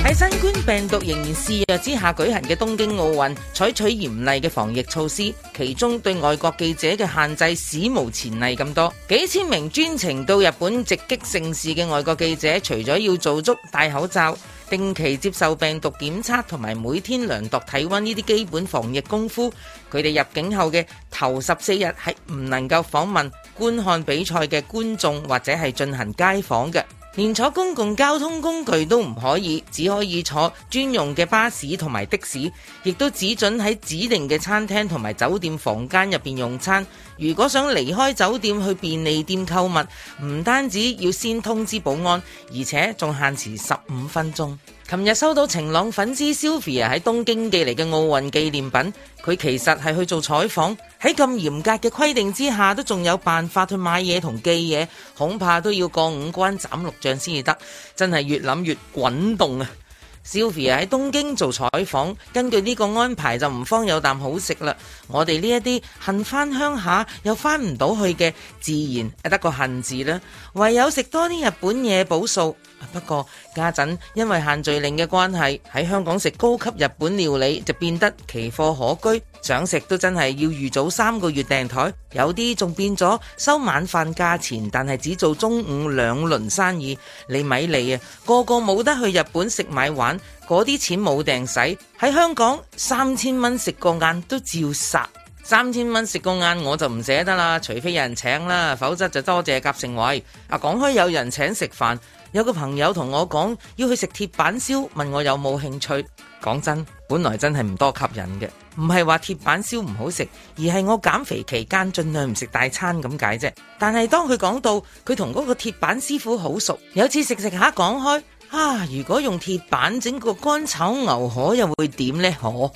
喺新冠病毒仍然肆虐之下舉行嘅東京奧運，採取嚴厲嘅防疫措施，其中對外國記者嘅限制史無前例咁多。幾千名專程到日本直擊盛事嘅外國記者，除咗要做足戴口罩、定期接受病毒檢測同埋每天量度體溫呢啲基本防疫功夫，佢哋入境後嘅頭十四日係唔能夠訪問、觀看比賽嘅觀眾或者係進行街訪嘅。連坐公共交通工具都唔可以，只可以坐專用嘅巴士同埋的士，亦都只准喺指定嘅餐廳同埋酒店房間入邊用餐。如果想離開酒店去便利店購物，唔單止要先通知保安，而且仲限時十五分鐘。琴日收到晴朗粉絲 Sophia 喺東京寄嚟嘅奧運紀念品，佢其實係去做採訪，喺咁嚴格嘅規定之下，都仲有辦法去買嘢同寄嘢，恐怕都要過五關斬六將先至得，真係越諗越滾動啊！Sylvia 喺東京做採訪，根據呢個安排就唔方有啖好食啦。我哋呢啲恨返鄉下又返唔到去嘅，自然得個恨字啦。唯有食多啲日本嘢補數。不過家陣因為限聚令嘅關係，喺香港食高級日本料理就變得奇貨可居。想食都真係要預早三個月訂台，有啲仲變咗收晚飯價錢，但係只做中午兩輪生意，你咪嚟啊，個個冇得去日本食買玩，嗰啲錢冇訂使喺香港三千蚊食個晏都照殺，三千蚊食個晏我就唔捨得啦，除非有人請啦，否則就多謝夾承惠。啊，講開有人請食飯，有個朋友同我講要去食鐵板燒，問我有冇興趣。講真，本來真係唔多吸引嘅，唔係話鐵板燒唔好食，而係我減肥期間盡量唔食大餐咁解啫。但係當佢講到佢同嗰個鐵板師傅好熟，有次食食下講開，啊，如果用鐵板整個乾炒牛河又會點呢？」好。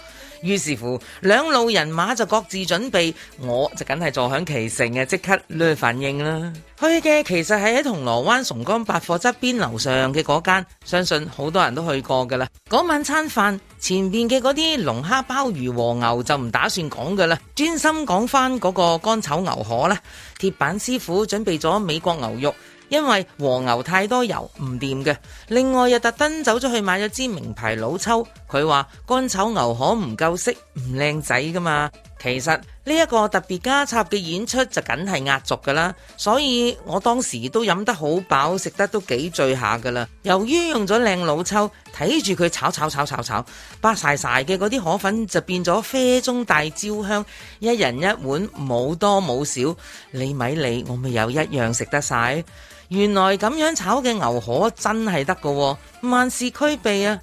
於是乎，兩路人馬就各自準備，我就梗係坐享其成嘅，即刻呢反應啦。去嘅其實係喺銅鑼灣崇光百貨側邊樓上嘅嗰間，相信好多人都去過㗎啦。嗰晚餐飯前面嘅嗰啲龍蝦鮑魚和牛就唔打算講㗎啦，專心講翻嗰個乾炒牛河啦。鐵板師傅準備咗美國牛肉。因為和牛太多油唔掂嘅，另外又特登走咗去買咗支名牌老抽。佢話乾炒牛河唔夠色唔靚仔噶嘛。其實呢一個特別加插嘅演出就梗係壓軸噶啦。所以我當時都飲得好飽，食得都幾醉下噶啦。由於用咗靚老抽，睇住佢炒炒炒炒炒，白晒晒嘅嗰啲河粉就變咗啡中帶焦香。一人一碗冇多冇少，你咪你，我咪又一樣食得晒。原來咁樣炒嘅牛河真係得噶，萬事俱備啊，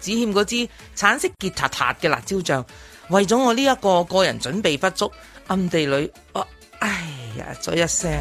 只欠嗰支橙色結塔塔嘅辣椒醬。為咗我呢一個個人準備不足，暗地裏我、哦、哎呀咗一聲。